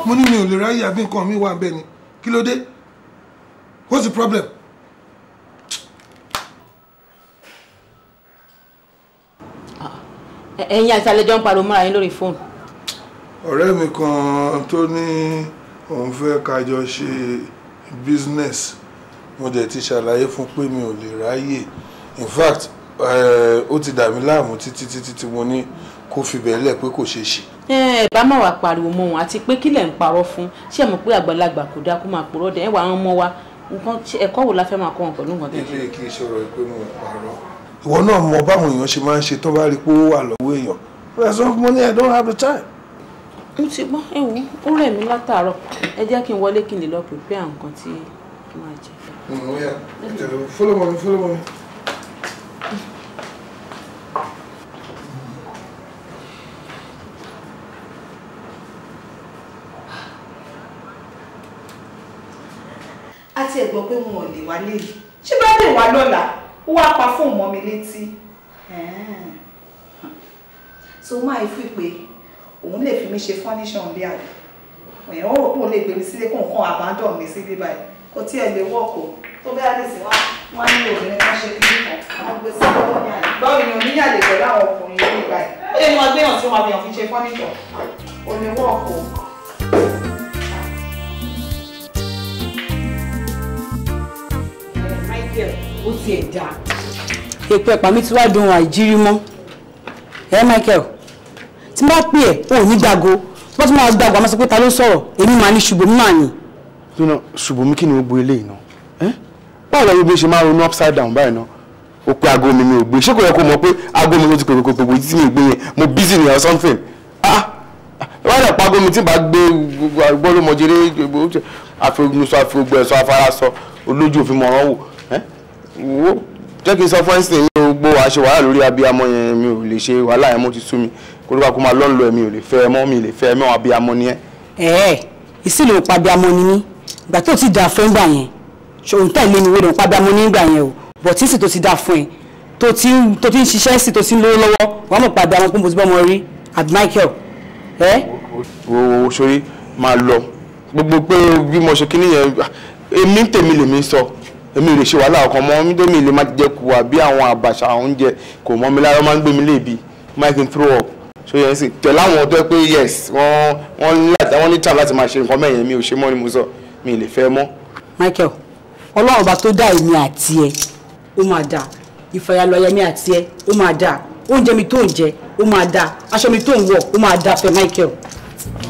mo ní mi ò lè ráyè àbí nǹkan mi wà bẹ́ẹ̀ ni kí ló dé what's the problem.
ẹ̀yin àti àlejò ń pariwo mọ́ra yín lórí fóònù.
ọ̀rẹ́ mi kan tó ní òun fẹ́ kájọ ṣe business mo dẹ̀ ti ṣàlàyé fún pé mi ò lè ráyè in fact eh, ó ti dà mí láàmú títí títí tí mo ní kó fi bẹ̀ẹ́lẹ̀ pé kò ṣeé ṣe.
ẹ bá má wàá pariwo mọ́ wọn àti pé kílẹ̀ ń parọ́ fún ṣé ẹ mọ̀ pé àgbàlagbà kò dáa kó máa purọ́ dẹ̀ ẹ wà á mọ́ wa nǹkan ẹ̀kọ́ wo la fẹ́ máa kọ́ wọn pẹ̀lú nǹkan tó ń
ṣe. ilé kì í ṣòro pé mo ìwọ náà mọ báwọn èèyàn ṣe máa ń ṣe tó bá rí pé ó wà lọ́wọ́ èèyàn
rest of money i don't have the time. mo ti gbọ́ ẹ wò ó rẹ̀ mí látàárọ̀ ẹ jẹ́ kí n wọlé kí n lè lọ prepare nǹkan tí máa jẹ. Mm,
follow mommy follow mommy.
àti ẹ̀gbọ́n pé wọn ò lè wá léyìí ṣé bá lè wá lọ́la ó wá pa fóònù mọ́ mi létí so máa fi pé òun lè fi mi ṣe fọ́níṣàn bí àlè ẹ̀rọ rò pé òun lè gbé mi sílé kó nǹkan àbádọ́ mi sí bíbá ẹ̀ kò tí ẹ lè wọ́ọ̀kù tó bẹ́ẹ̀ lè sí wá wá ní obìnrin kan ṣe kí nìkan àwọn gbé sí ọwọ́ ní àlè báwo ni oníyàlè pẹ̀lú àwọn ọkùnrin yìí bíbá ẹ̀ ó lè máa gbéyàn tí wọn fi hàn fi ṣe fọ́níṣàn òun lè wọ́ọ̀kù.
Thank you ó ti ẹ̀ dáa. èpè ẹ̀pà mi ti wá dùn àìjírí mọ́ ẹ Michael tí bá pè ẹ́ ò ní gbàgbó wọ́n ti máa gbàgbó àmọ́ sọ pé ta ló sọ̀rọ̀ èmi máa ní
ṣùgbọ́n máa ní. nínú ṣùgbọ́n kí ni gbogbo eléyìí náà báwo lọ́wọ́ bí ṣe máa ronú upside down báyìí náà ó pé aago mi mi ò gbé ṣé kò yẹ kó mọ̀ pé aago mi ló ti pèpè pèpè tí mi ò gbé yẹn mo busy ni or something ah wọ́n lè pa aago mi tí bá gbé gbọ́dọ̀ mọ̀jẹ̀rẹ́ àfẹnusọ àfẹnugbẹ̀sọ afárasọ olójú òfin mọ̀ràn wò wo jẹ́ kí n sọ fún ẹ̀sìn mi ò gbó aṣọ wàhálà lórí abiyamọ yẹn mi ò lè ṣe wàhálà yẹn mo ti sú mi kóríwá kó máa lọ́nlọ́ mi ò lè fẹ́ ẹ mọ́ mi lè fẹ́ ẹ mọ́ abiyamọ ni ẹ.
ẹ ẹ ìsìlè òun pa abiyamọ ni mí ìgbà tó ti dà fún ìgbà yẹn ṣòun tẹ̀lé mi wọ́n pa abiyamọ ní ìgbà yẹn o bọ̀tí sì tó ti dà fún ẹ tó ti ń ṣiṣẹ́ sì tó ti ń lówó lọ́wọ́ wọ́n mọ̀ padà wọn kó mo ti bọ́ ọmọ
rí àbí èmi ò lè ṣe wàhálà ọkàn mọ́ mi dẹ́mi lè má jẹ́ kú àbí àwọn àbàṣà oúnjẹ kò mọ́ mi lára máa ń gbé mi léèbi mike n throw up so yẹn sì tẹ̀lé àwọn ọ̀dọ́ pé yes wọ́n wọ́n ní tàbí láti máa ṣe nǹkan mẹ́yẹn mi ò ṣe mọ́ ni mo sọ mi lè fẹ́ mọ́.
michael ọlọ́run ọba tó dá èmi àti ẹ ó máa dà ìfàyàlọ́yẹ mi àti ẹ ó máa dà oúnjẹ mi tó ń jẹ ó máa dà aṣọ mi tó ń wọ̀ ó máa dà fẹ́ michael.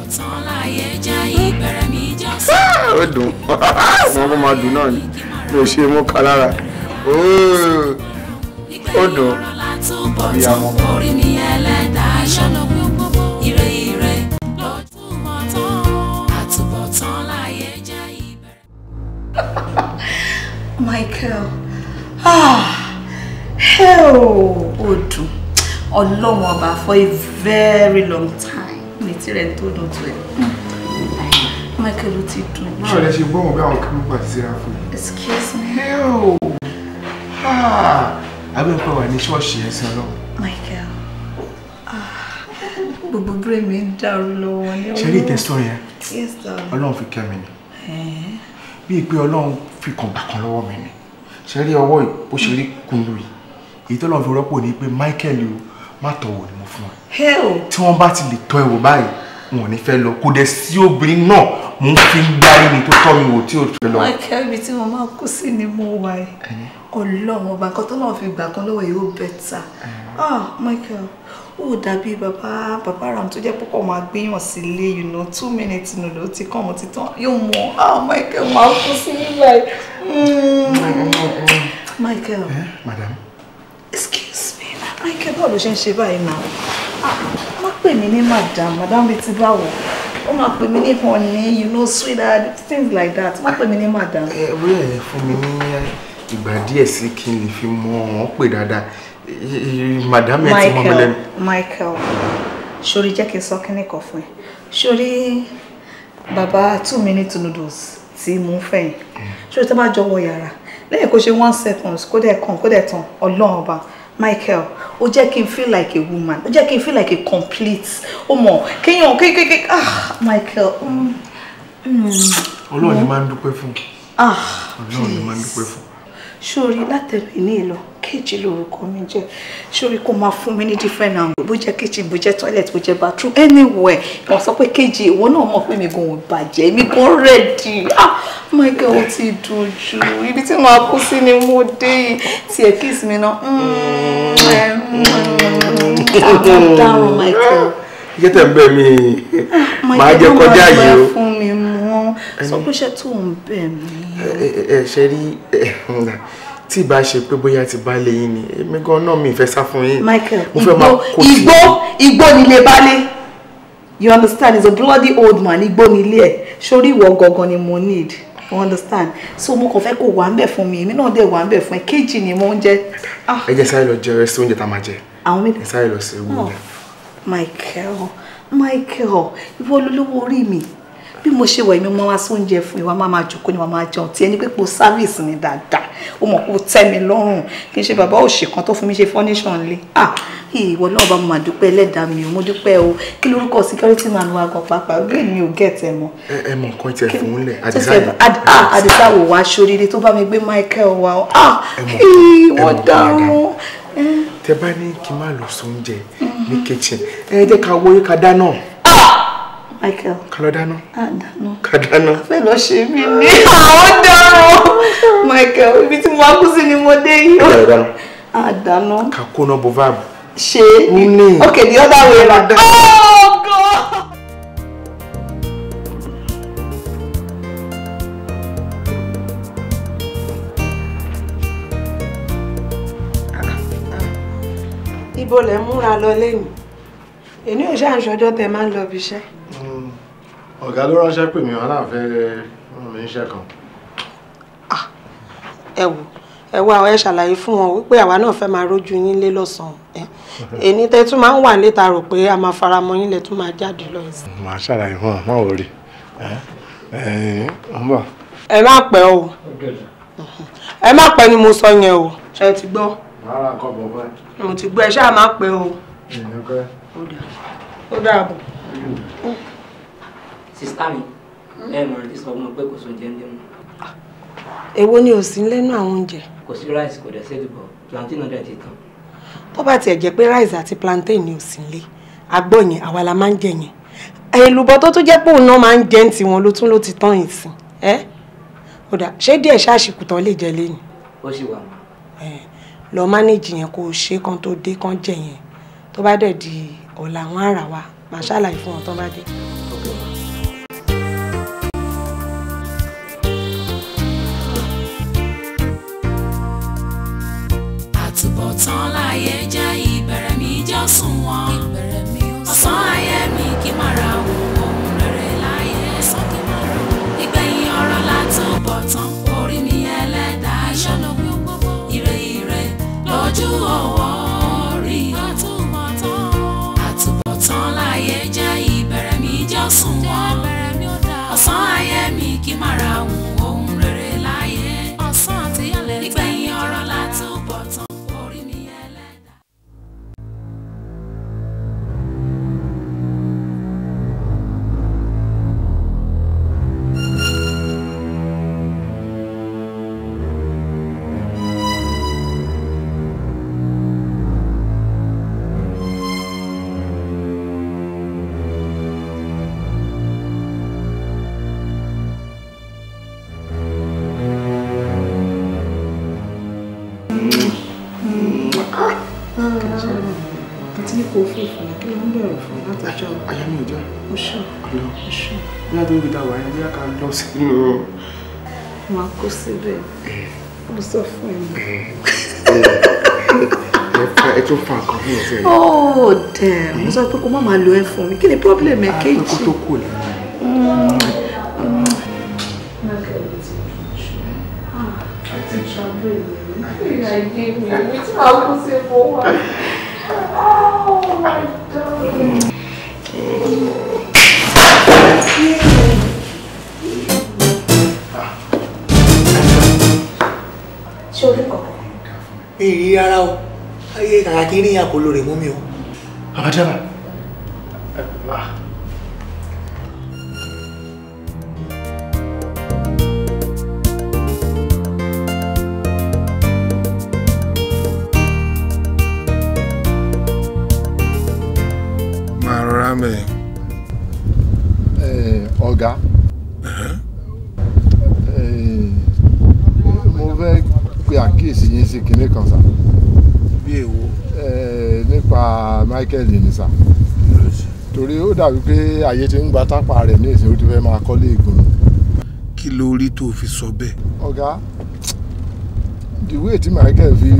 ọ̀tán láyé
jẹ́ ìbẹ̀rẹ̀ mi jásí. ó dùn (laughs) wọ́n kó máa dùn náà ni mi ṣe mú kan lára
ó dùn
(laughs) Michael, ah, hell, ó dùn ọlọ́wọ́n ọba for a very long time ní tirẹ̀ tó dùn tó ẹ̀. Michael ló ti dùn jù. Báwo lẹ ṣe
gbọ́ wọn bí àwọn kan pàtì síra fún mi?
Excuse me. Hell!
Abẹ́ ah! ọ̀pẹ wà ní ṣọ́ọ̀ṣì ẹ̀sìn ọlọ́run.
Michael, ah, gbogbo bírè mi ń dàrú lọ́wọ́ ní ọlọ́run. Ṣé rí ìtẹ́sọ́ yẹn? Yes, darling. Ọlọ́run fi kẹ́ mi ni. Eh?
Bíi pé ọlọ́run fi kàn gbà kan lọ́wọ́ mi ni. Ṣé rí ọwọ́ yìí bó ṣe rí kùnú yìí? Èyí tó lọ́n fi rọ́pò ni pé Michael o, má tọ̀wọ̀ ni mo fún ẹ. Hell! Tí wọ́n bá ti lè tọ ẹ̀wọ̀ báyìí n ò ní fẹ́ lọ kò dẹ̀ sí obìnrin náà mo ń fi ni tó tọ́ mi wò tí ò fẹ́ lọ.
Michael ibi tí mo máa kú sí ni mo wà ẹ́ ọlọ́run ọba kan tó náà fi gbà kan lọ́wọ́ yìí ó bẹ̀tà ah Michael ó dàbí bàbá bàbá ram tó jẹ́ púpọ̀ máa gbéyàn sílé you know two minutes nù ló ti kàn wọ́n ti tán yóò mọ ah Michael máa kú sí nígbà yìí. Hmm. Michael. madam. excuse me Michael báwo ló ṣe ń ṣe báyìí náà. Ah pè mí ní madam madam bíi ti báwo ó máa pè mí ní honey you know sweetheart things like that má pè mí ní madam. ẹ wúlò
ẹ fún mi ní ìgbà díẹ̀ sí kí n lè fi mọ wọn pè dáadáa madam ẹ ti mọ mi lẹ́nu.
Michael sori jẹ́ kí n sọ kíní kan fún ẹ sori baba two minute noodles tí mò ń fẹ́ yẹn sori mm. tó bá jọ wọ yàrá lẹ́yìn kó ṣe one second kó dẹ̀ kàn kó dẹ̀ tán ọlọ́run ọba Michael ó jẹ́ kí feel like a woman ó jẹ́ kí feel like a complete ó mọ̀ kéèyàn kéèké ah Michael. Mm, mm, ah, Ọlọ́run ni máa ń dúpẹ́ fún. Ọlọ́run ni máa ń dúpẹ́ fún. Ṣé o rí látẹ̀lé Kejì lórúkọ mi jẹ́ sórí kó máa fún mi ní different angle bó jẹ́ kitchen bó jẹ́ toilet bó jẹ́ bathroom anywhere wọ́n sọ pé Kejì ìwọ náà mọ̀ pé mi gan ò bàjẹ́ mi gan rẹ̀dì ah my girl ti dùn jù ibi tí màá kú sí ni mo dé yìí tiẹ̀ kiss mi náà àwọn dáhùn my girl.
iṣẹ́ tẹ̀ ń bẹ̀ mí
ah, máa jẹ kọjá yìí o sọ pé iṣẹ́ tó ń bẹ̀ mí. ẹ
ẹ ṣe rí ẹ ẹ tí ìbá ṣe pé bóyá ti bá lé yín ni èmi gan náà mi ìfẹ́ sá fún yín. Michael igbó igbó
igbó nílé balẹ̀ you understand he's a bloody old man igbó nílé ẹ̀ sórí ìwọ gangan ni mo need you understand so mo kàn fẹ́ kó wà ń bẹ̀ fún mi èmi náà dẹ̀ wà ń bẹ̀ fún ẹ kéjì ni mo ń jẹ. Ah. ẹ
jẹ́ sáré lọ jẹ ẹsẹ oúnjẹ tá a máa jẹ ẹ sáré lọ sí ewu oh,
Michael Michael ìwọ olólówó orí mi bí mo ṣe wọ̀ ẹ̀mí mo máa sún oúnjẹ fún ìwà máa máa jókòó ni wàá máa jẹun tí ẹni pé po service mi dáadáa ó mọ̀ kó tẹ́ mi lọ́rùn kí n ṣe bàbá òṣì kan tó fún mi ṣe furnition lé ah ìwọ náà bá mo máa dúpẹ́ ẹlẹ́dàá mi ò mo dúpẹ́ o kí lorúkọ security man wa gan pàápàá gbé mi ò gẹ̀ tẹ̀ mọ́.
ẹ ẹ mọ nǹkan tiẹ
fún lẹ àdìsá ah, wò wá sóríire tó bá mi gbé Michael wa o ah ìwọ dáhùn. Eh? tẹ bá ní kí n má lọ sóúnjẹ ní
mm-hmm. kitchen ẹ jẹ́ ká wọlé ká dáná. Michael. Kàlọ́ Adano. Kadano. Kàdáná.
Fẹ́ lọ ṣe mí ní (laughs) àwọn dáràn. Michael ibi tí mo wá kú sí ni mo dé yìí. Kàlọ́ dáná. Àdáná.
Kàkóná bo Ṣé ní. Okay the other way round.
Oh God.
Ibo lẹ múra lọ lẹ́yìn. Èmi ò ṣàǹṣọ́jọ́ tẹ máa ń lọ ibi iṣẹ́
ọ̀gá ló ránṣẹ́ pè mí wọn náà fẹ́ ràn mí iṣẹ́ kan.
Ah, ẹ wò ẹ wá ẹ ṣàlàyé fún wọn wípé àwa náà fẹ́ máa rójú yín lé lọ́sàn-án (laughs) ẹni tẹ́ tún máa ń wà níta rò pé a máa fara mọ́ yín lẹ tún máa jáde lọ.
màá ṣàlàyé fún ọ má wò rí ẹ ń bọ̀.
ẹ má pẹ́ o ẹ má pẹ́ ni mo sọ yẹn
o ṣe ti gbọ́. rárá nǹkan bọ̀ bẹ́ẹ̀. mo ti gbọ́ ẹ ṣáà má pẹ́ o. ó dà bọ̀ sista mi hmm? ẹ mọ̀ rí sọ fún mi pé kò sóun jẹ́ ń dé mọ́.
èwo ni ò sí lẹ́nu àwọn oúnjẹ.
kò sí rice kò dẹ̀ sẹ́dùbọ̀ plantain náà dẹ̀ ti tán.
tó bá tiẹ̀ jẹ́ pé rice àti plantain ni ò sí lé agbọ́ yẹn àwa la máa ń jẹ yẹn èlùbọ́ tó tún jẹ́ pé òun náà máa ń jẹ ń tiwọn ló tún ló ti tán yìí sí ẹ́ kódà ṣé díẹ̀ ṣáàṣìkù lè jẹ lẹ́yìn. ó sì wà mọ́. lọ mánéjì yẹn kó o ṣe kan tó dé kan jẹ yẹn tó bá dẹ̀ di ọ̀la àwọn ará wa màá ṣàlàyé fún ọ tó bá dé. àti ní kò fún ìfọ̀nà kí ló ń bẹ̀rù fún
láti jọ. àyà mi ò já. ó ṣù. ọlọ ó ṣù. bí a tó ń gbé dáwọ ayé bóyá ká lọ sínú.
màá kó síbẹ̀ mo sọ fún ẹ.
ẹ tún fa nǹkan fún ọ̀sẹ̀ yìí. ó
oh, dẹ̀ mo sọ pé kó má máa lo ẹ fún mi kí ni pọ́blẹ̀mù ẹ ah, kéjì. a tó kó tó kó lẹ́nu.
forgive me, which Uncle Sebo was. Oh my darling.
Ṣé orí kọ̀ọ̀kan? Èyí rárá o, ayé kàkiri ya kò lóore mú mi o. Bàbá Jẹ́bà.
ṣe kinní kan sà. bí èwo. ẹ nípa Michael ni sà. torí ó dàbí pé àyè ti ń gba tápà rẹ̀ ní ìsìn ó ti fẹ́ máa kọ́lé ìgbónú.
kí ló rí tó fi sọ bẹ́ẹ̀.
ọ̀gá the way tí Michael fi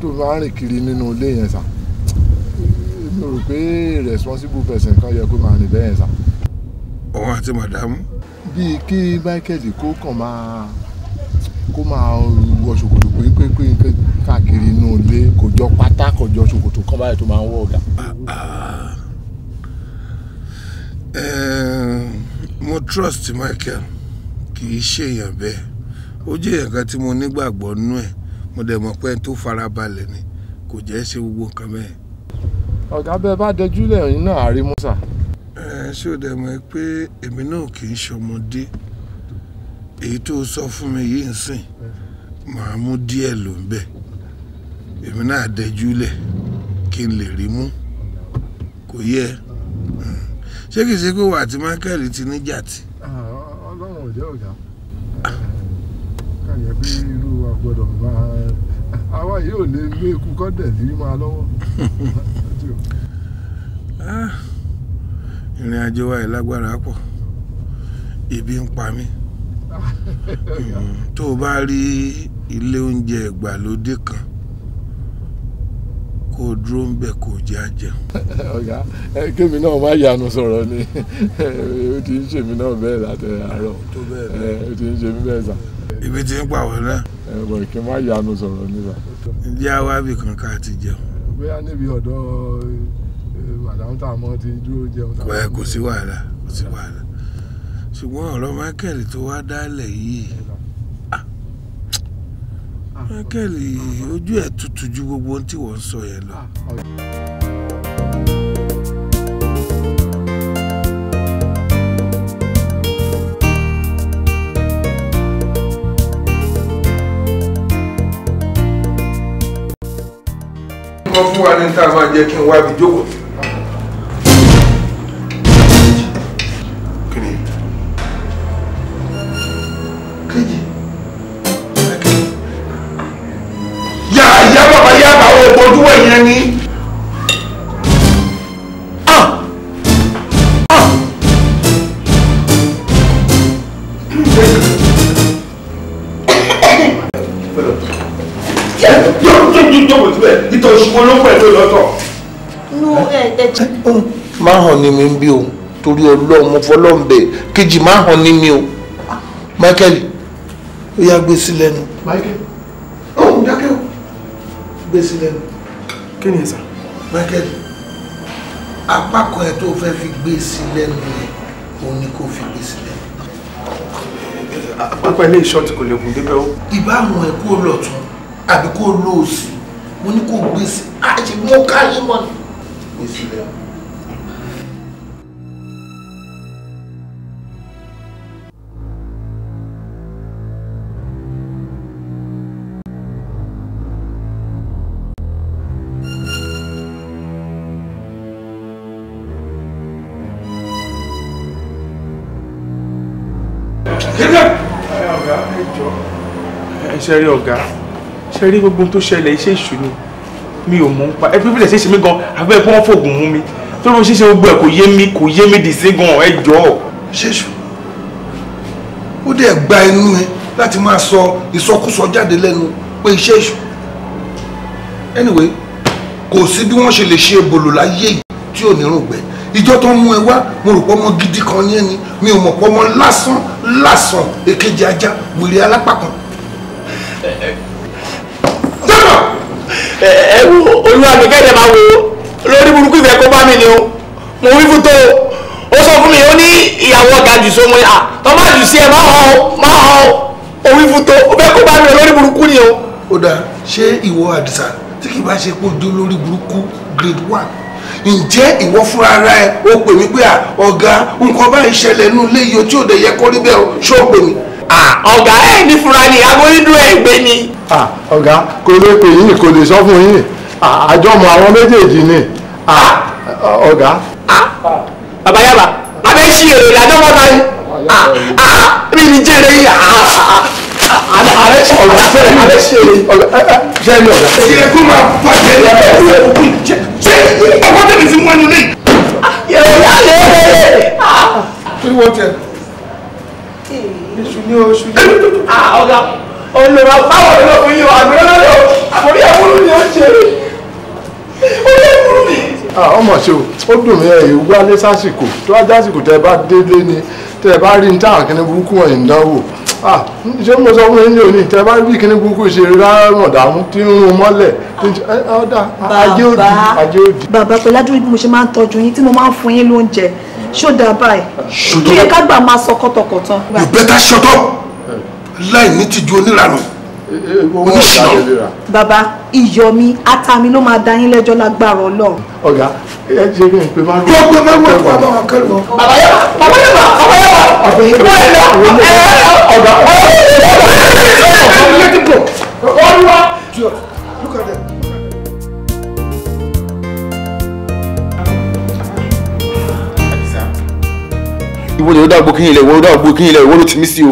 tó máa ń rìn kiri nínú ilé yẹn sà mi rò pé responsible person kan yẹ kó máa rìn bẹ́ẹ̀ yẹn ọ̀hún àti màdàmú. bíi kí Michael kó kàn máa kó máa wọ ṣòkòtò pínpínpín káàkiri inú ilé kò jọ pátá kò jọ ṣòkòtò kan báyìí tó máa ń
wọ ọ̀gá. mo trust Michael kì í ṣèyàn bẹ́ẹ̀ ó jẹ́ èèyàn kan tí mo nígbàgbọ́ nú ẹ̀ mo dẹ̀ mọ̀ pé tó farabalẹ̀ ni kò jẹ́ ṣe gbogbo nǹkan bẹ́ẹ̀.
ọ̀gá bẹ́ẹ̀ bá dẹjúlẹ̀ yín náà àrí
musa. ẹ ṣó dẹ̀ mọ̀ pé èmi náà kì í ṣọmọdé èyí tó sọ fún mi yìí ń sìn màá mú díẹ̀ ló ń bẹ̀ èmi náà dẹjúlẹ̀ kí n lè rí mú kò yẹ ṣé kìí ṣe pé wà àti michael ti níjà tí.
Ah, ọlọ́run ò jẹ́ ọ̀gá kàyẹ́ pé irú àgbọ̀dọ̀ máa àwa yìí ò lè gbé ikú kọ́dẹ̀ lè máa lọ́wọ́.
Ah, ìrìn àjò wa yìí pọ̀ ebi ń pa mí. (laughs) tó o bá rí ilé oúnjẹ ìgbàlódé kan kó o dúró ń bẹ̀ kó o jẹ́ àjẹ. (laughs) ọ̀gá kébì náà má yanu sọ̀rọ̀ ni (laughs) ó ti ń ṣe mí náà bẹ́ẹ̀ láti àárọ̀
ó
ti ń ṣe mí bẹ́ẹ̀ sà. ibi tí ń pàwọ̀ náà. ẹ̀wọ̀n kí n má yanu sọ̀rọ̀ ni sà. ǹjẹ́ awábì kan ká ti jẹun.
bóyá níbi ọ̀dọ́ màdàmú tá ti dúró jẹun.
kò sí wàhálà kò sí wàhálà ṣùgbọ́n ọ̀rọ̀ Michael tó wá dálẹ̀ yìí ah, Michael ojú ẹ̀ tutù ju gbogbo ohun tí wọ́n ń sọ yẹn lọ. wọ́n fún wa ní tá a máa jẹ́ kí n wá ibi jókòó. tó lọ́tọ̀.
nú ẹ tẹ́jú.
má hàn ní mi bí o torí ọlọ́run mo fọlọ́run bẹ̀ kejì má hàn ní mi o Michael ó yá gbé sí lẹ́nu. Michael ọ̀hún dákẹ́ o gbé sí lẹ́nu. kí ni Michael apá kan ẹ tó fẹ́ fi gbé sí lẹ́nu yẹn òun ni kò fi gbé sí lẹ́nu.
apá ilé iṣọ́ ti kò lè gùn débẹ̀ o. ìbáwọn ẹ kó
lọ̀tún àbí kó lóòsì mo ní kò gbèsè
àti mo káyé mọ́ ni
gbèsè lẹ́yìn.
ṣe rí ọ̀gá ṣe rí gbogbo tó ṣẹlẹ̀ iṣẹ́ ìṣù ni mi ò mọ̀ ń pa ẹ pípẹ́ ṣe ṣe mí gan àbẹ́ ẹ kó wọ́n fògùn mú mi tó ló ṣe ṣe gbogbo ẹ kò yé mi kò yé mi dìísí gan ẹ jọ. ṣéṣù
ó dẹ̀ gba inú mi láti máa sọ ìsọkúsọ jáde lẹ́nu pé iṣẹ́ ìṣù anyway kò sí bí wọ́n ṣe lè ṣe bòlò láyé yìí tí ò ní rògbẹ́ ìjọ tó ń mú ẹ wá mo rò pé ọmọ gidi kan ní ẹni mi ò mọ̀ pé ọmọ lásán lásán èkejì ajá wèrè alápá kan ẹ wo olúwa mi kẹ́lẹ̀ máa wo
lórí burúkú ìfẹ́ kó bá mi ni o mo wí fún tó o ó sọ fún mi ó ní ìyàwó ọ̀gá jù
sómo à tó má jù sí ẹ má hàn má hàn ó wí fún tó ó fẹ́ kó bá mi lórí burúkú ni o. ó dáa ṣé ìwọ àdìsá tí kì í bá ṣe pé o dún lórí burúkú grade one ǹjẹ́ ìwọ fúnra ara ẹ o pè mí pé ọ̀gá nǹkan báyìí ṣẹlẹ̀ nínú ilé yìí tí ò dẹ̀ yẹ kọ́ rí bẹ́ẹ̀ ṣó o pè mí ah, ọ̀gá ẹ̀ ní fúnra ni agbóyúndú ẹ̀ gbé ni.
ọ̀gá kò lè pè yín kò lè sọ fún yín àjọmọ̀ àwọn méjèèjì ni ọ̀gá. ah,
yàrá bàbá ẹ ṣí èrè ìlànà ah, ah, mi ní jèrè yìí ààrẹ ṣe ọ̀gá fẹ́rẹ̀ ààrẹ
ṣe ọ̀gá ṣe ní ọ̀gá. ṣe kó máa bàjẹ́ ní ẹ̀rọ ṣe
ọgbọ́n tẹ̀lé
sí wọn nílé. yẹ̀wò
yálé. kí wọ́n tẹ̀ èṣù ní oṣù yìí ah, ọ̀gá olùrà báwo
ló fún yìí wà lọ́wọ́ lọ́wọ́ àforí ẹ̀wúrú ni ó ṣe orí ẹ̀wúrú ni.
ọmọ ṣe ó dùn mí ẹ ìwúwálé sásìkò tó wájú àsìkò tẹ bá délé ni tẹ bá rí ní táwọn kìnnìún burúkú wọn ìdánwò ah, ṣé mo sọ fún yín òní tẹ bá rí kíní burúkú ṣe rárá mọ̀dàmú tí ń rún mọ́lẹ̀ ọ̀dà ajé òdì.
bàbá pẹ̀lú adúlé bí mo ṣe máa ń tọ́jú yín tí mo máa ń fún yín lóúnjẹ ṣó dáa báyìí kí ẹ ká gbà máa sọ kọ́tọ̀kọ̀tàn. you better
shut up láì ní tìjú oníranù
oníṣìnà. bàbá iyọ̀ mi Baba. ló máa da yín lẹ́jọ́ lágbára ọlọ́run. ọ̀gá ẹ jẹ́ kí n pe máa ń lọ. wọ́n pe máa ń wọ̀ ẹ̀kọ́ àbáwọn akẹ́rù. bàbá yẹn bàbá yẹn bàbá yẹn
bàbá yẹn bàbá yẹn ọ̀gá ọ̀gá
ọ̀gá ọ̀gá ọ̀gá ọ̀gá
ọ̀gá ọ̀gá ọ̀gá ọ̀gá ọ̀gá
ìwọ lè dàgbò kí n ilẹ̀ ìwọ dàgbò kí n ilẹ̀ ìwọ ló ti sí o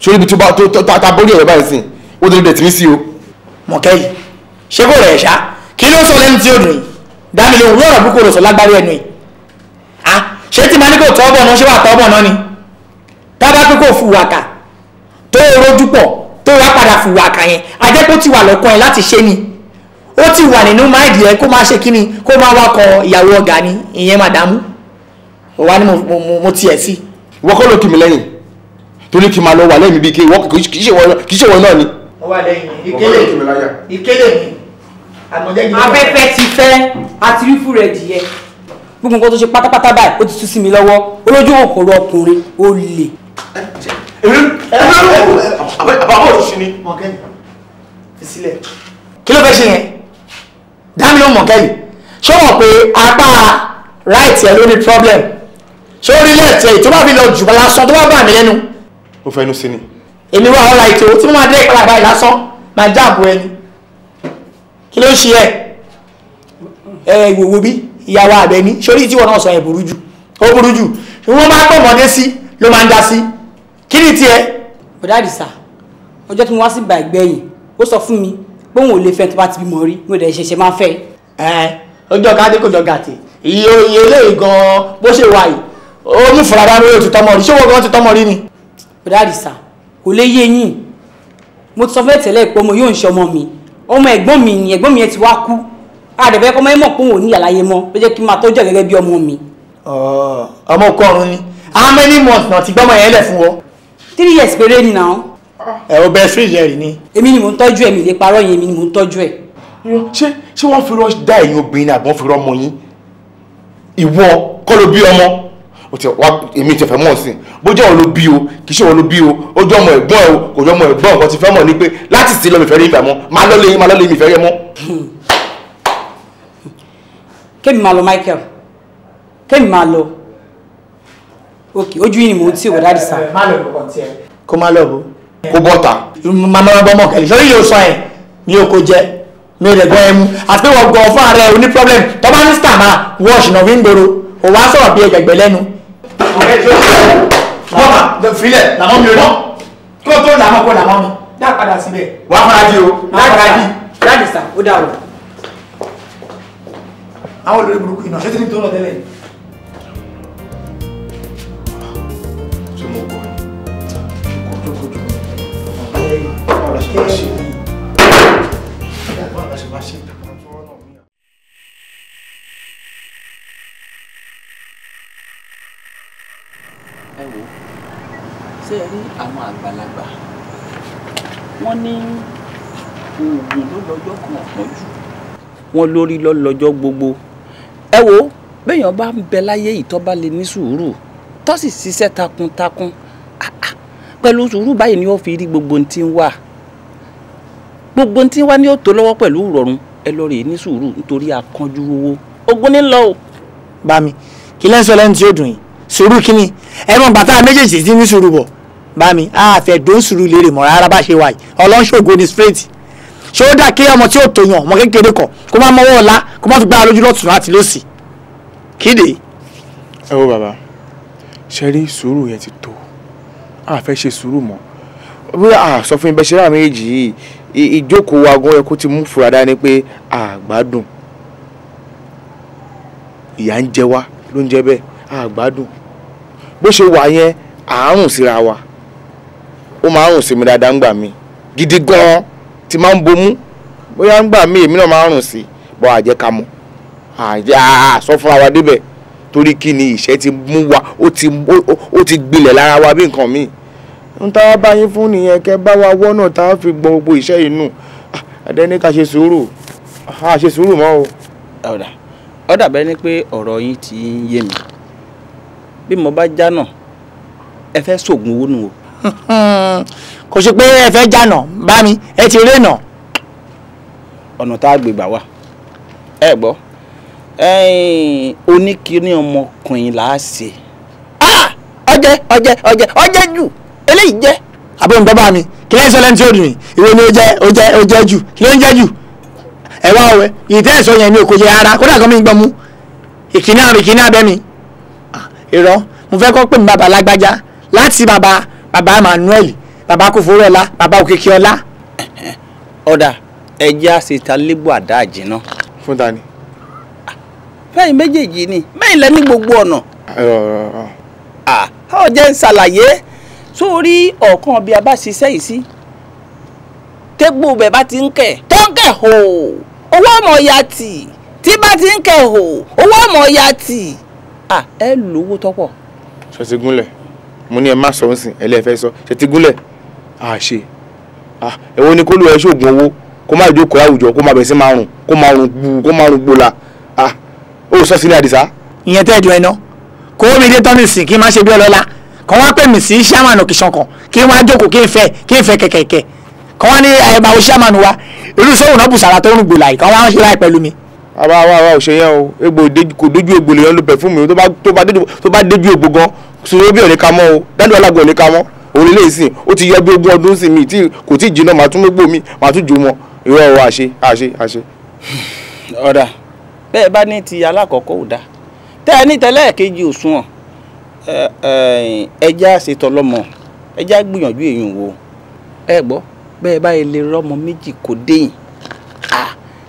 sórí ibi tó bá tó ta bórí ẹ̀rọ báyìí sìn ó ti dẹ̀ ti mí
sí o. mọ̀kẹ́ yìí ṣé kò rẹ̀ ṣá kí ló sọ lẹ́nu tí ó dùn yìí dámi lóhùn yóò rọ̀ bí kò lọ sọ lágbárí ẹnu yìí
ah ṣé tí màá ní kò tọ́ ọ̀bọ̀ náà ṣé wà tọ́ ọ̀bọ̀ náà ni
tábà pé kò fùwàkà tó rojú pọ̀ tó wá padà fùwàkà yẹn ajẹ́ kó ti wà lọ́kàn yẹn láti ṣe ni ó ti wà nínú máìdì yẹn kó máa ṣe kíni kó máa wakọ̀ ìyàwó ọ̀gá ni ìyẹn màdámù wà ní mo tiẹ̀ sí. wọ́n kọ́
ló kì mí lẹ́yìn torí kì máa lọ wà lẹ́yìn bíi kì í ṣe wọn náà ni.
wọ́n wà lẹ́yìn
ìkélé ìkélé mi afẹ́fẹ́ ti fẹ́ àti rífù rẹ̀ dìyẹ gbogbo nǹkan tó ṣe pátápátá báyìí ó ti tú sí mi lọ́wọ́ olójú òkòrò ọkùnrin ó lè.
àbáwọ̀
òṣìṣẹ́
ni mọ̀kẹ́lì ìsílẹ̀. kí ló fẹ́ ṣe yẹn dámi ló mọ̀kẹ́lì ṣé o mọ̀ pé apá ráìtì ẹ̀ ló ní problem sórí lẹ́ẹ̀tẹ̀ tó bá fi lọ jù lásán tó bá bà mí lẹ́nu. ó fẹnu sí ni. èmi wà ọ̀la ètò tí mo máa dé ìpàdé àbáyé lásán máa jáàbò ẹni kí ló ń ṣe ẹ ẹ ìwòwò bí
ìyàwó àbẹ̀ní sórí tí wọn náà sọ ẹ burú jù ó burú jù wọn máa pọ̀ mọ́dé sí ló máa ń dá sí kí ni tiẹ̀. bọ̀dá àdìsá ọjọ́ tí mo wá sí ìgbà ìgbẹ̀yìn ó sọ fún mi pé òun ò lè fẹ́ tó bá ti bímọ rí mo dẹ̀ ṣẹ̀ṣẹ̀ máa fẹ́. ẹ ọjọ́ kádé kò jọ gàtì iye iye eléyìí gan-an bó ṣe wà yìí onífura bá lóye ti tọmọ rí ṣé wọ́n ti tọmọ rí ni. bùdárì sà kò lè yé yín mo ti sọ fẹ́ tẹ́lẹ̀ pé ọmọ yóò ń mi ọmọ ẹ̀gbọ́n mi ni ẹ̀gbọ́n mi yẹn ti wá kú àdẹ̀fẹ́ kọ́ mọ́ ẹ̀ mọ̀ pé òun ò ní àlàyé mọ́ ló jẹ́ kí n máa tọ́jú ẹ̀ gẹ́gẹ́ bí ọmọ mi. ọmọ ọkọ ọrùn ni how many months náà ti gbọ́mọ yẹn lẹ̀ fún ọ. three years péré ni náà. ẹ o bẹ three years ni. èmi ni mò ń tọ́jú ẹ̀ mi lè parọ́ yẹn èmi ni mò ń tọ́jú ẹ̀. ṣé ṣé wọ́n fi rọ́ dá ẹ̀yin obìnrin àbọ̀n fi rọ́ ọmọ
yín ìwọ kọ́ ló bí ọmọ o ti wá èmi ti fẹ́ mọ̀ sí bójú ọ̀rọ̀ ló bí o kì í ṣe ọ̀rọ̀ ló bí o ó jọ ọmọ ẹ̀gbọ́n ẹ̀ o kò jọ ọmọ ẹ̀gbọ́n nǹkan ti fẹ́ mọ̀ ni pé láti sí lọ́mìfẹ́ rí ìfẹ́ mọ́
máa lọ́lé yín máa lọ́lé yín ìfẹ́ rẹ mọ́. kémi máa lọ Michael kémi máa lọ òkè ojú yìí ni mò ń tì wọ́n dáàdì sáà. má lọ bọ̀ tiẹ̀.
kó má lọ bó. kó bọ́ta.
màmá bọ́ mọ̀ kẹ́lẹ́ sọ́rí yóò
sọ ẹ̀ mi ò kò jẹ mi ò lè gbọ́ ẹ mú àti pé wọ́n gbọ́ fún ààrẹ oní problem tọ́ba ní stamina wọ́ọ̀ṣì náà fi ń gbòòrò òun á sọ̀rọ̀ bí ẹ̀jẹ̀ lẹ́nu ọ̀rẹ́ ìjọ ìṣẹ́ mọ́mà filẹ̀ làwọn mi ò lọ tó tó làwọn kó làwọn mi dá padà síbẹ̀. wà á fara di o lágbára di. láti sà ó dà o. àwọn olórí burúkú iná ṣé tí ní tó lọ tẹ́lẹ̀ yìí.
lọ́jọ́ kan ọ̀pọ̀jù. wọ́n lórí lọ́lọ́jọ́ gbogbo ẹ wo béèyàn bá ń bẹ láyé ìtọ́ba lè ní sùúrù tó sì ṣiṣẹ́ takuntakun pẹ̀lú sùúrù báyìí ni ó fi rí gbogbo ohun tí ń wà gbogbo ohun tí ń wà ni ó tó lọ́wọ́ pẹ̀lú ìrọ̀rùn ẹ lọ rè é ní sùúrù nítorí akánjú owó ogun ní lọ o. bá mi kí lẹ́ ń sọ lẹ́nu tí ó dùn yìí sùúrù kínní ẹ̀rọ bàtà méjèèjì
ti ní sùúrù bọ̀ bá mi àfẹ̀dó sùúrù lérè mọ́ rárá bá ṣe wà yìí ọlọ́ṣọ́gbó ni straight ṣé ó dà kí ọmọ tí ò tó yàn ọmọ kékeré kọ kó má mọ́wọ́ ọ̀la kó má fi gbára lójú lọ́tùn àti lósì kéde.
ẹ wo bàbá ṣe rí sùúrù yẹn ti tó a fẹ́ ṣe sùúrù mọ́ bóyá a sọ fún mi bẹ́ẹ̀ ṣe rà méjì yìí ìjókòó wa gan ti mú fura dání pé àgbádùn ìyà ń jẹ wá ló ń jẹ bẹ́ẹ̀ àgbádùn bó ṣe wà yẹn àárùn síra wa ó máa ń rùn sí mi dáadáa ń gbà mí gidi gan-an tí máa ń bomú bóyá ń gbà mí èmi náà máa ń rùn sí bọ́ àjẹ́ ká mu àjẹ́ àsọ fún wa débẹ̀ torí kí ni ìṣẹ́ ti mú wa ó ti gbilẹ̀ lára wa bí nǹkan míì ń tá a bá yín fún nìyẹn kẹ bá wa wọ́nà tá a fi gbọ́n gbogbo iṣẹ́ inú
ẹ̀dẹ́ ní ká ṣe sùúrù a ṣe sùúrù mọ́ o. ọ̀dà ọ̀dà bẹ́ẹ̀ ni pé ọ̀rọ̀ yín ti ń yé mi bí mo bá já náà ẹ fẹ́ sògùn owó nù o kò ṣe pé ẹ fẹ́ jànà bá mi ẹ ti nà. ọ̀nà tá a gbé gbà wá ẹ gbọ́ oníkiri ọmọkùnrin là á ṣe. ọjẹ ọjẹ
ọjẹ ọjẹ jù eléyìí jẹ. àbẹ̀wò bá mi kí lẹ́yìn sọ́lẹ́ni tí ó dùn ní ìwé ni ó jẹ́ ó jẹ́ ó jẹ́ jù kí ló ń jẹ́ jù. ẹ wá ìtẹ́ ẹ̀sọ́ yẹn mi ò kò yẹ ara kódà kan mi gbọ́n mú ìkíní àrùn ìkíní abẹ́ mi. irọ́ mo fẹ́ kọ́ pé mi bàbá lágbájá
láti bàbá baba emmanuel baba kòfóròlá baba òkèkèọlá. ọ̀dà ẹja ṣètà lébù àdá àjìnà. fún ta ni. fẹ́yìn méjèèjì ni mẹ́yìn lẹ ní gbogbo ọ̀nà. ọ jẹ́ ń ṣàlàyé sórí ọ̀kan bí a bá ṣiṣẹ́ yìí sí tégbò bẹ̀ bá ti ń kẹ̀ tó ń kẹ̀ hò owó ọmọ ya tì tí bá ti ń kẹ̀ hò owó ọmọ ya tì ẹ lówó tọ́pọ̀.
sọ ti mo ní ẹ má sọ ń sìn ẹlẹ́fẹ́ sọ ṣe ti gúnlẹ̀ à ṣe ẹ̀wọ́n ni kó lù ẹ ṣoògùn owó kó má jókòó àwùjọ kó má bẹ̀ sí márùn kó márùn gbù kó márùn gbòòlà ó
sọ sí ní àdìsá. ìyẹn tẹ́ ẹ̀dùn ẹ̀ náà kó omi dé tán nìsín kí n má ṣe bí ọlọ́lá kàn wá pè mí sí ṣáàmánù kìsànkàn kí n wá jókòó kí n fẹ́ kí n fẹ́ kẹ̀kẹ̀kẹ̀ kàn wá ní àyẹ̀bá o ṣáàmánù wa irú sóhùn náà bùsàrà tó ń gbòòlà yìí kàn wá ń ṣe láì pẹ̀lú mi àwa àwa àwa ò ṣe yẹn o egbò kò dójú egbò lèyàn lo pẹfúmù tó bá tó bá dójú egbò gan sùnwébí ò ní ka mọ́ o
dádùn alágbó ò ní ka mọ́ òun lè sìn ó ti yọ bí ogún ọdún sí mi kò tí ì jiná màá tún mọ́gbò mi màá tún
jò mọ́ ìwé ọ̀rọ̀ àṣe àṣe àṣe. (sighs) ọ̀dà bẹ́ẹ̀ bá ní ti alákọ̀ọ́kọ́ ò dáa tẹ́ ẹ ní tẹ́lẹ̀ kejì òṣùwọ̀n ẹja ṣètò ọlọ́mọ ẹja gbìyànjú èèyàn wò ẹ gbọ́ bẹ́ẹ̀ báyìí lè rọ́mọ méjì kò déyìn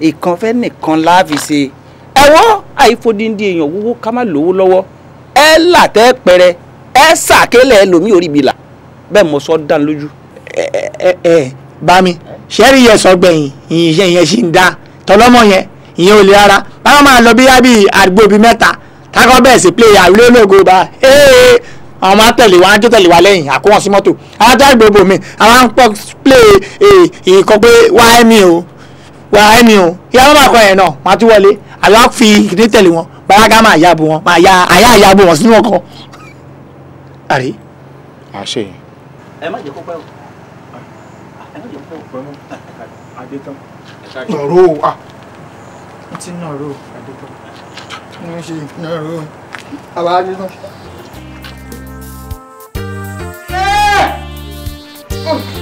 ìkan nìkan láàfin ṣe ẹ̀wọ́ àìfodindi èèyàn wúwo ká má lówó lọ́wọ́ ẹ là tẹ́ pẹrẹ ẹ sàkélẹ̀ ẹ lòmí orí mi là bẹ́ẹ̀ mo sọ dán lójú. ẹ ẹ ẹ bá mi sẹ́rí yẹn
sọ gbẹ̀yìn ìyẹn yẹn sì ń da tọlọ́mọ yẹn ìyẹn ò lè rárá báwọn máa lọ bí yábì àdúgbò bíi mẹ́ta tákọ́ bẹ́ẹ̀ sì play àwílé ológo bá ee àwọn máa tẹ̀lé wa ájó tẹ̀lé wa lẹ́yìn àkó wọn sí mọ́tò àwọn tó àgbè bòmí àwọn á ń pọ̀ play e, ìkọ́ pé wá ẹ̀mí o wá ẹ̀mí o ìyá bàbá kan yẹn náà máa tún wọlé àbí fi ìdí tẹ̀lé wọn bàlágà máa ya bo wọn máa ya àyà àyà bo wọn sínú ọkọ. àrí. àṣẹ.
ẹ má jẹ́ kó pẹ́ o ẹ má jẹ́ kó pẹ́ o adétán. nọ̀rọ̀ o a. Ah. mo ti nọ̀rọ̀ o adétán.
mo ṣe nọ̀rọ̀ o àbá adétán.
Oh!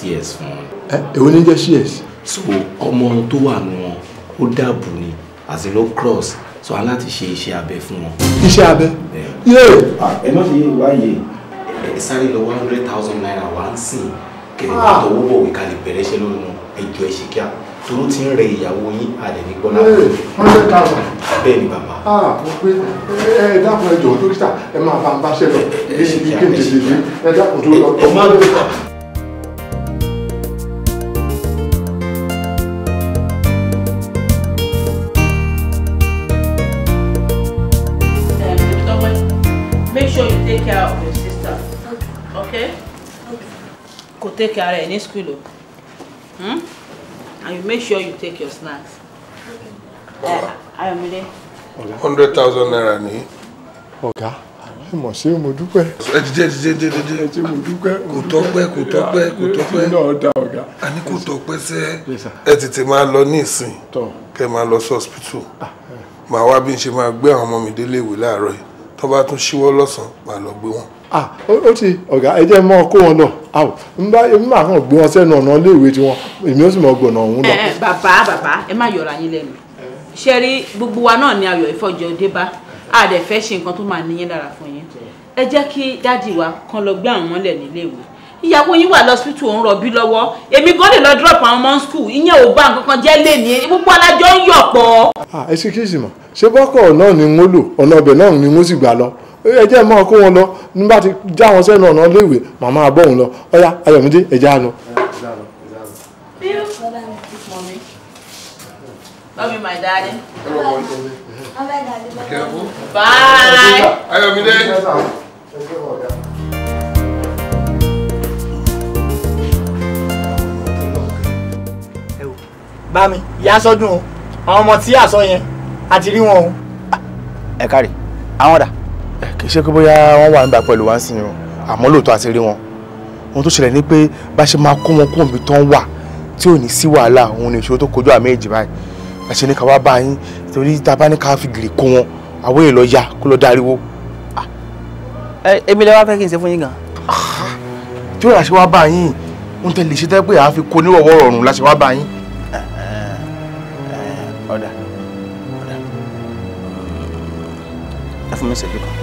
shears fún wọn.
ẹ èwo ni jẹ́ shears.
so ọmọ tó wà nù wọn ó dàbò ni as in ló cross so a láti ṣe iṣẹ́ abẹ fún wọn.
iṣẹ́ abẹ yéè.
ẹ má ṣe yé wáyé
ẹ sáré lọ one hundred thousand naira wá ń sìn kẹlẹ wà ah! tó wọ́pọ̀ wí kalẹ̀ bẹ̀rẹ̀ ṣe lórí wọn
ẹjọ́ ẹ ṣe kíá toro ti ń rẹ ìyàwó yín alẹ́ ní gbọ́lá. hundred thousand. bẹ́ẹ̀ ni bàbá.
Ah, mo pe ẹ ẹ dákun ẹ jọ̀ọ́ dókítà ẹ máa bá ń báṣẹ́ lọ. ẹ ṣe kíá ẹ ṣe kíá ẹ dákun tó lọ. ẹ má lọ.
take care ẹ̀ ní school hmm? and you make sure you take your snacks. Eh, Ayọ̀mídé.
hundred thousand naira ní. ọ̀gá ẹ mọ̀ ṣé mo dúpẹ́. ẹ jíjẹ jíjẹ jíjẹ jíjẹ ṣé mo dúpẹ́. kò tọ́pẹ́ kò tọ́pẹ́ kò tọ́pẹ́. èmi náà da ọ̀gá. a ní kò tọ́pẹ́ sẹ́ ẹ tètè máa lọ ah, eh. mi délé ìwé láàárọ̀ yìí tó bá tún ṣíwọ́ lọ́sàn-án màá lọ gbé wọn. Ah, ó
ti ọ̀gá ẹ jẹ́ mọ́ kó wọn náà àwọ̀ n bá èmi máa kàn gbé wọn sẹ́nu ọ̀nà iléèwé tiwọn èmi ó sì mọ gbọ̀nà ọ̀hún lọ. Eh, eh,
bàbá bàbá ẹ má yọra yín lẹ́nu ṣe rí gbogbo wa náà ni ayọ̀ ìfọ̀jẹ̀ òde bá a dẹ̀ fẹ́ ṣe nǹkan tó máa níyín lára fún yín ẹ jẹ́ kí dáàdì wa kan lọ gbé àwọn mọ́lẹ̀ níléèwé ìyàwó yín wà lọ́sítù òun rọ̀bí lọ́wọ́ èmi gan lè lọ drop àwọn ọmọ skul ìyẹn ò bá nǹkan kan jẹ́ lé ní gbogbo alájọ ń yọ̀ pọ̀.
Ah, ẹ ṣe kí ìsìmọ̀ ṣé bọ́kọ̀ náà ni n ó lò ọ̀nà ọbẹ̀ náà ni n ó sì gbà lọ ẹjẹ́ mọ́ kó wọn lọ nígbà tí já wọn sẹ́nu ọ̀nà léèwé màmá àbọ̀ òun lọ ọ̀yá ayọ̀mídé ẹ̀jẹ̀ àná.
Love you, my daddy. Bye.
Ayọ̀mídé.
bá mi ìyá sọdún o àwọn ọmọ tí àsọ yẹn àti rí wọn o.
ẹ kárí àwọn dà kì í ṣe pé bóyá wọ́n wà nígbà pẹ̀lú wá sí o àmọ́ lóòótọ́ àti rí wọn ohun tó ṣẹlẹ̀ ni pé bá ṣe máa kó wọn kó òǹbí tán wà tí ò ní sí wàhálà òun ni ìṣòro tó kojú àmì èjì báyìí àṣẹ ní ká wá bá yín torí tá a bá ní ká fi gìrì kó wọn àwọn èèyàn lọ ya kó lọ dáríwó. Ah. èmi lè wá fẹ́ kí n ṣe fún yín gan. Ah. tí ó yà ṣe wá bá yín ń tẹ̀lé ṣe tẹ́ pé àá fi kó nírọ̀wọ́ rọrùn láṣẹ wá bá
yín. ọ̀dà ọ̀dà ẹ fún mi ṣèjú kan.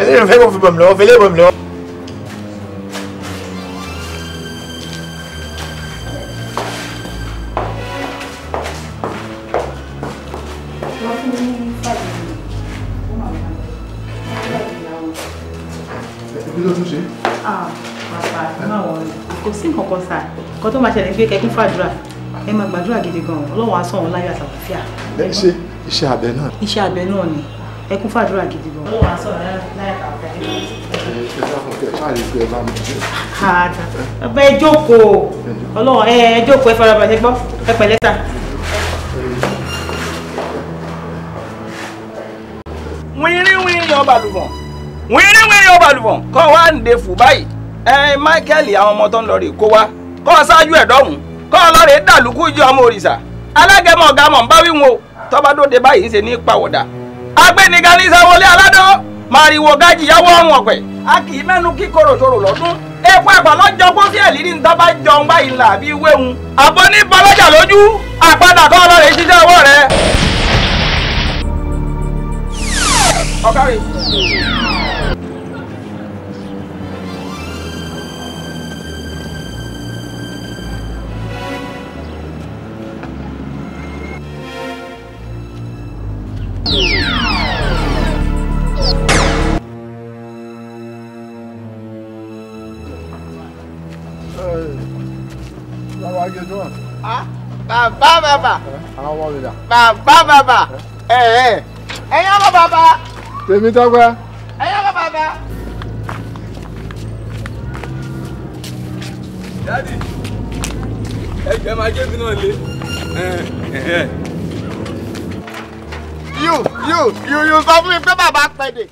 Ele não vai confirmar melhor, ele é melhor.
kọ́ tó máa ṣẹlẹ̀ gbé kẹ́kún fàdúrà ẹ máa
gbàdúrà gidi gan-an ọlọ́run á sọ òun láyọ̀ àtàkùnfíà. ẹ
ṣe iṣẹ́ abẹ náà.
iṣẹ́ abẹ náà ni ẹ kún fàdúrà gidi gan. ó wàá sọ̀rọ̀ láì kàkà yìí.
ẹ dákun kẹ máa rí pé ẹ bá mi jẹ.
àdá ọbẹ̀ ẹ jókòó ọlọ́run ẹ ẹ jókòó ẹ farabalẹ̀ gbọ́ ẹ pẹ̀lẹ́ ta.
wínrín wínrín ọba lùbọ̀n wínrín wínrín ọba lùbọ̀n kọ́ wa ń de fù báyìí ẹ Michael àwọn ọmọ tó ń lọ rè kó wa kọ́ ọ ṣáájú ẹ̀ dọ́hùn kọ́ ọ lọ rè dàlúkú ìjọ ọmọ òrìṣà alágẹmọ ọgá mọ̀ ń bá wíwọn o tọ́ba dóde báyìí ṣe ní pàwọ̀dà agbẹ́niga ní alado mariwo aládọ́ yàwó ọrùn ọ̀pẹ. a kì í mẹ́nu kíkorò ṣòro lọ́dún. epo ẹ̀pà lọ́jọ́ kó sí ẹ̀lírí ní tọ́ba jọun báyìí là bí wéhun. àbọ̀ ní bọ́lọ́jà lójú àpadà kọ́ ọ̀rọ̀ rẹ̀ ṣiṣẹ́ ọwọ́ rẹ̀. bàbá bàbá. àwọn ọmọ mi dà. bàbá bàbá. ẹ̀ẹ́ ẹ̀yin ọmọ bàbá. tèmi tọ́gbẹ́. ẹ̀yin ọmọ bàbá. dadi ẹgbẹ́ máa jẹ́ sínú ọ̀lẹ́.
you you you you
sọ
fún mi pé bàbá pẹ̀lẹ́.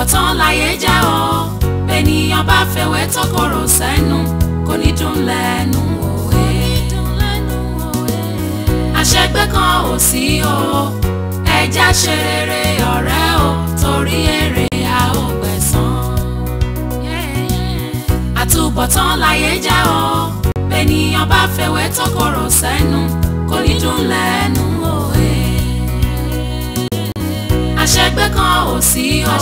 àkọ̀tán láyé jẹ́ o bẹ́nìyàn bá fẹ̀wẹ́ tó korò sẹ́nu kò ní dùn lẹ́nu òwe. àṣẹgbẹ́ kan ò sí o ẹja ṣe rere ọ̀rẹ́ o torí èrè a ò gbẹ̀san. àtúbọ̀tán láyé jẹ́ o bẹ́nìyàn bá fẹ̀wẹ́ tó korò sẹ́nu kò ní dùn lẹ́nu àṣegbé kan ò sí o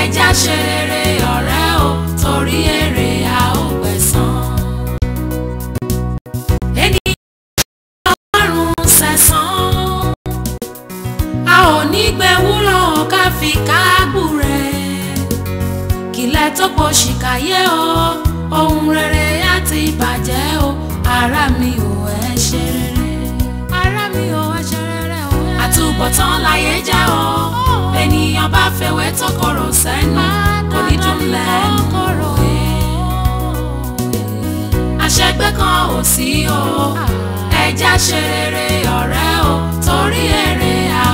ẹja ṣe rere ọ̀rẹ́ o torí èrè a ó gbẹ̀san. ènìyàn ọlọ́run sẹ̀sán a ò ní gbé wúlò ká fi káàbù rẹ̀ kìlẹ̀ tó pọ̀ ṣìkàyé o ohun rere á ti bàjẹ́ o ara mi ò. ọ̀tán láyé já o ènìyàn bá fẹ̀wẹ́ tó korò sẹ́nu kò ní dùn lẹ́nu àṣẹgbẹ́ kan ò sí o ẹja ṣe rere ọ̀rẹ́ o torí èrè a.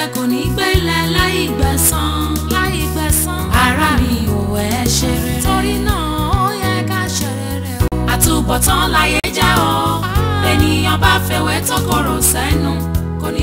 ajá kò ní gbẹ́lẹ̀ láì gbẹ̀san láì gbẹ̀san ara mi ò ẹ̀ ṣe rere torí náà ó yẹ ká ṣe rere o àtúbọ̀tán láyé já ọ lẹ́nìyàn bá fẹ́wẹ́ tó korò sẹ́nu.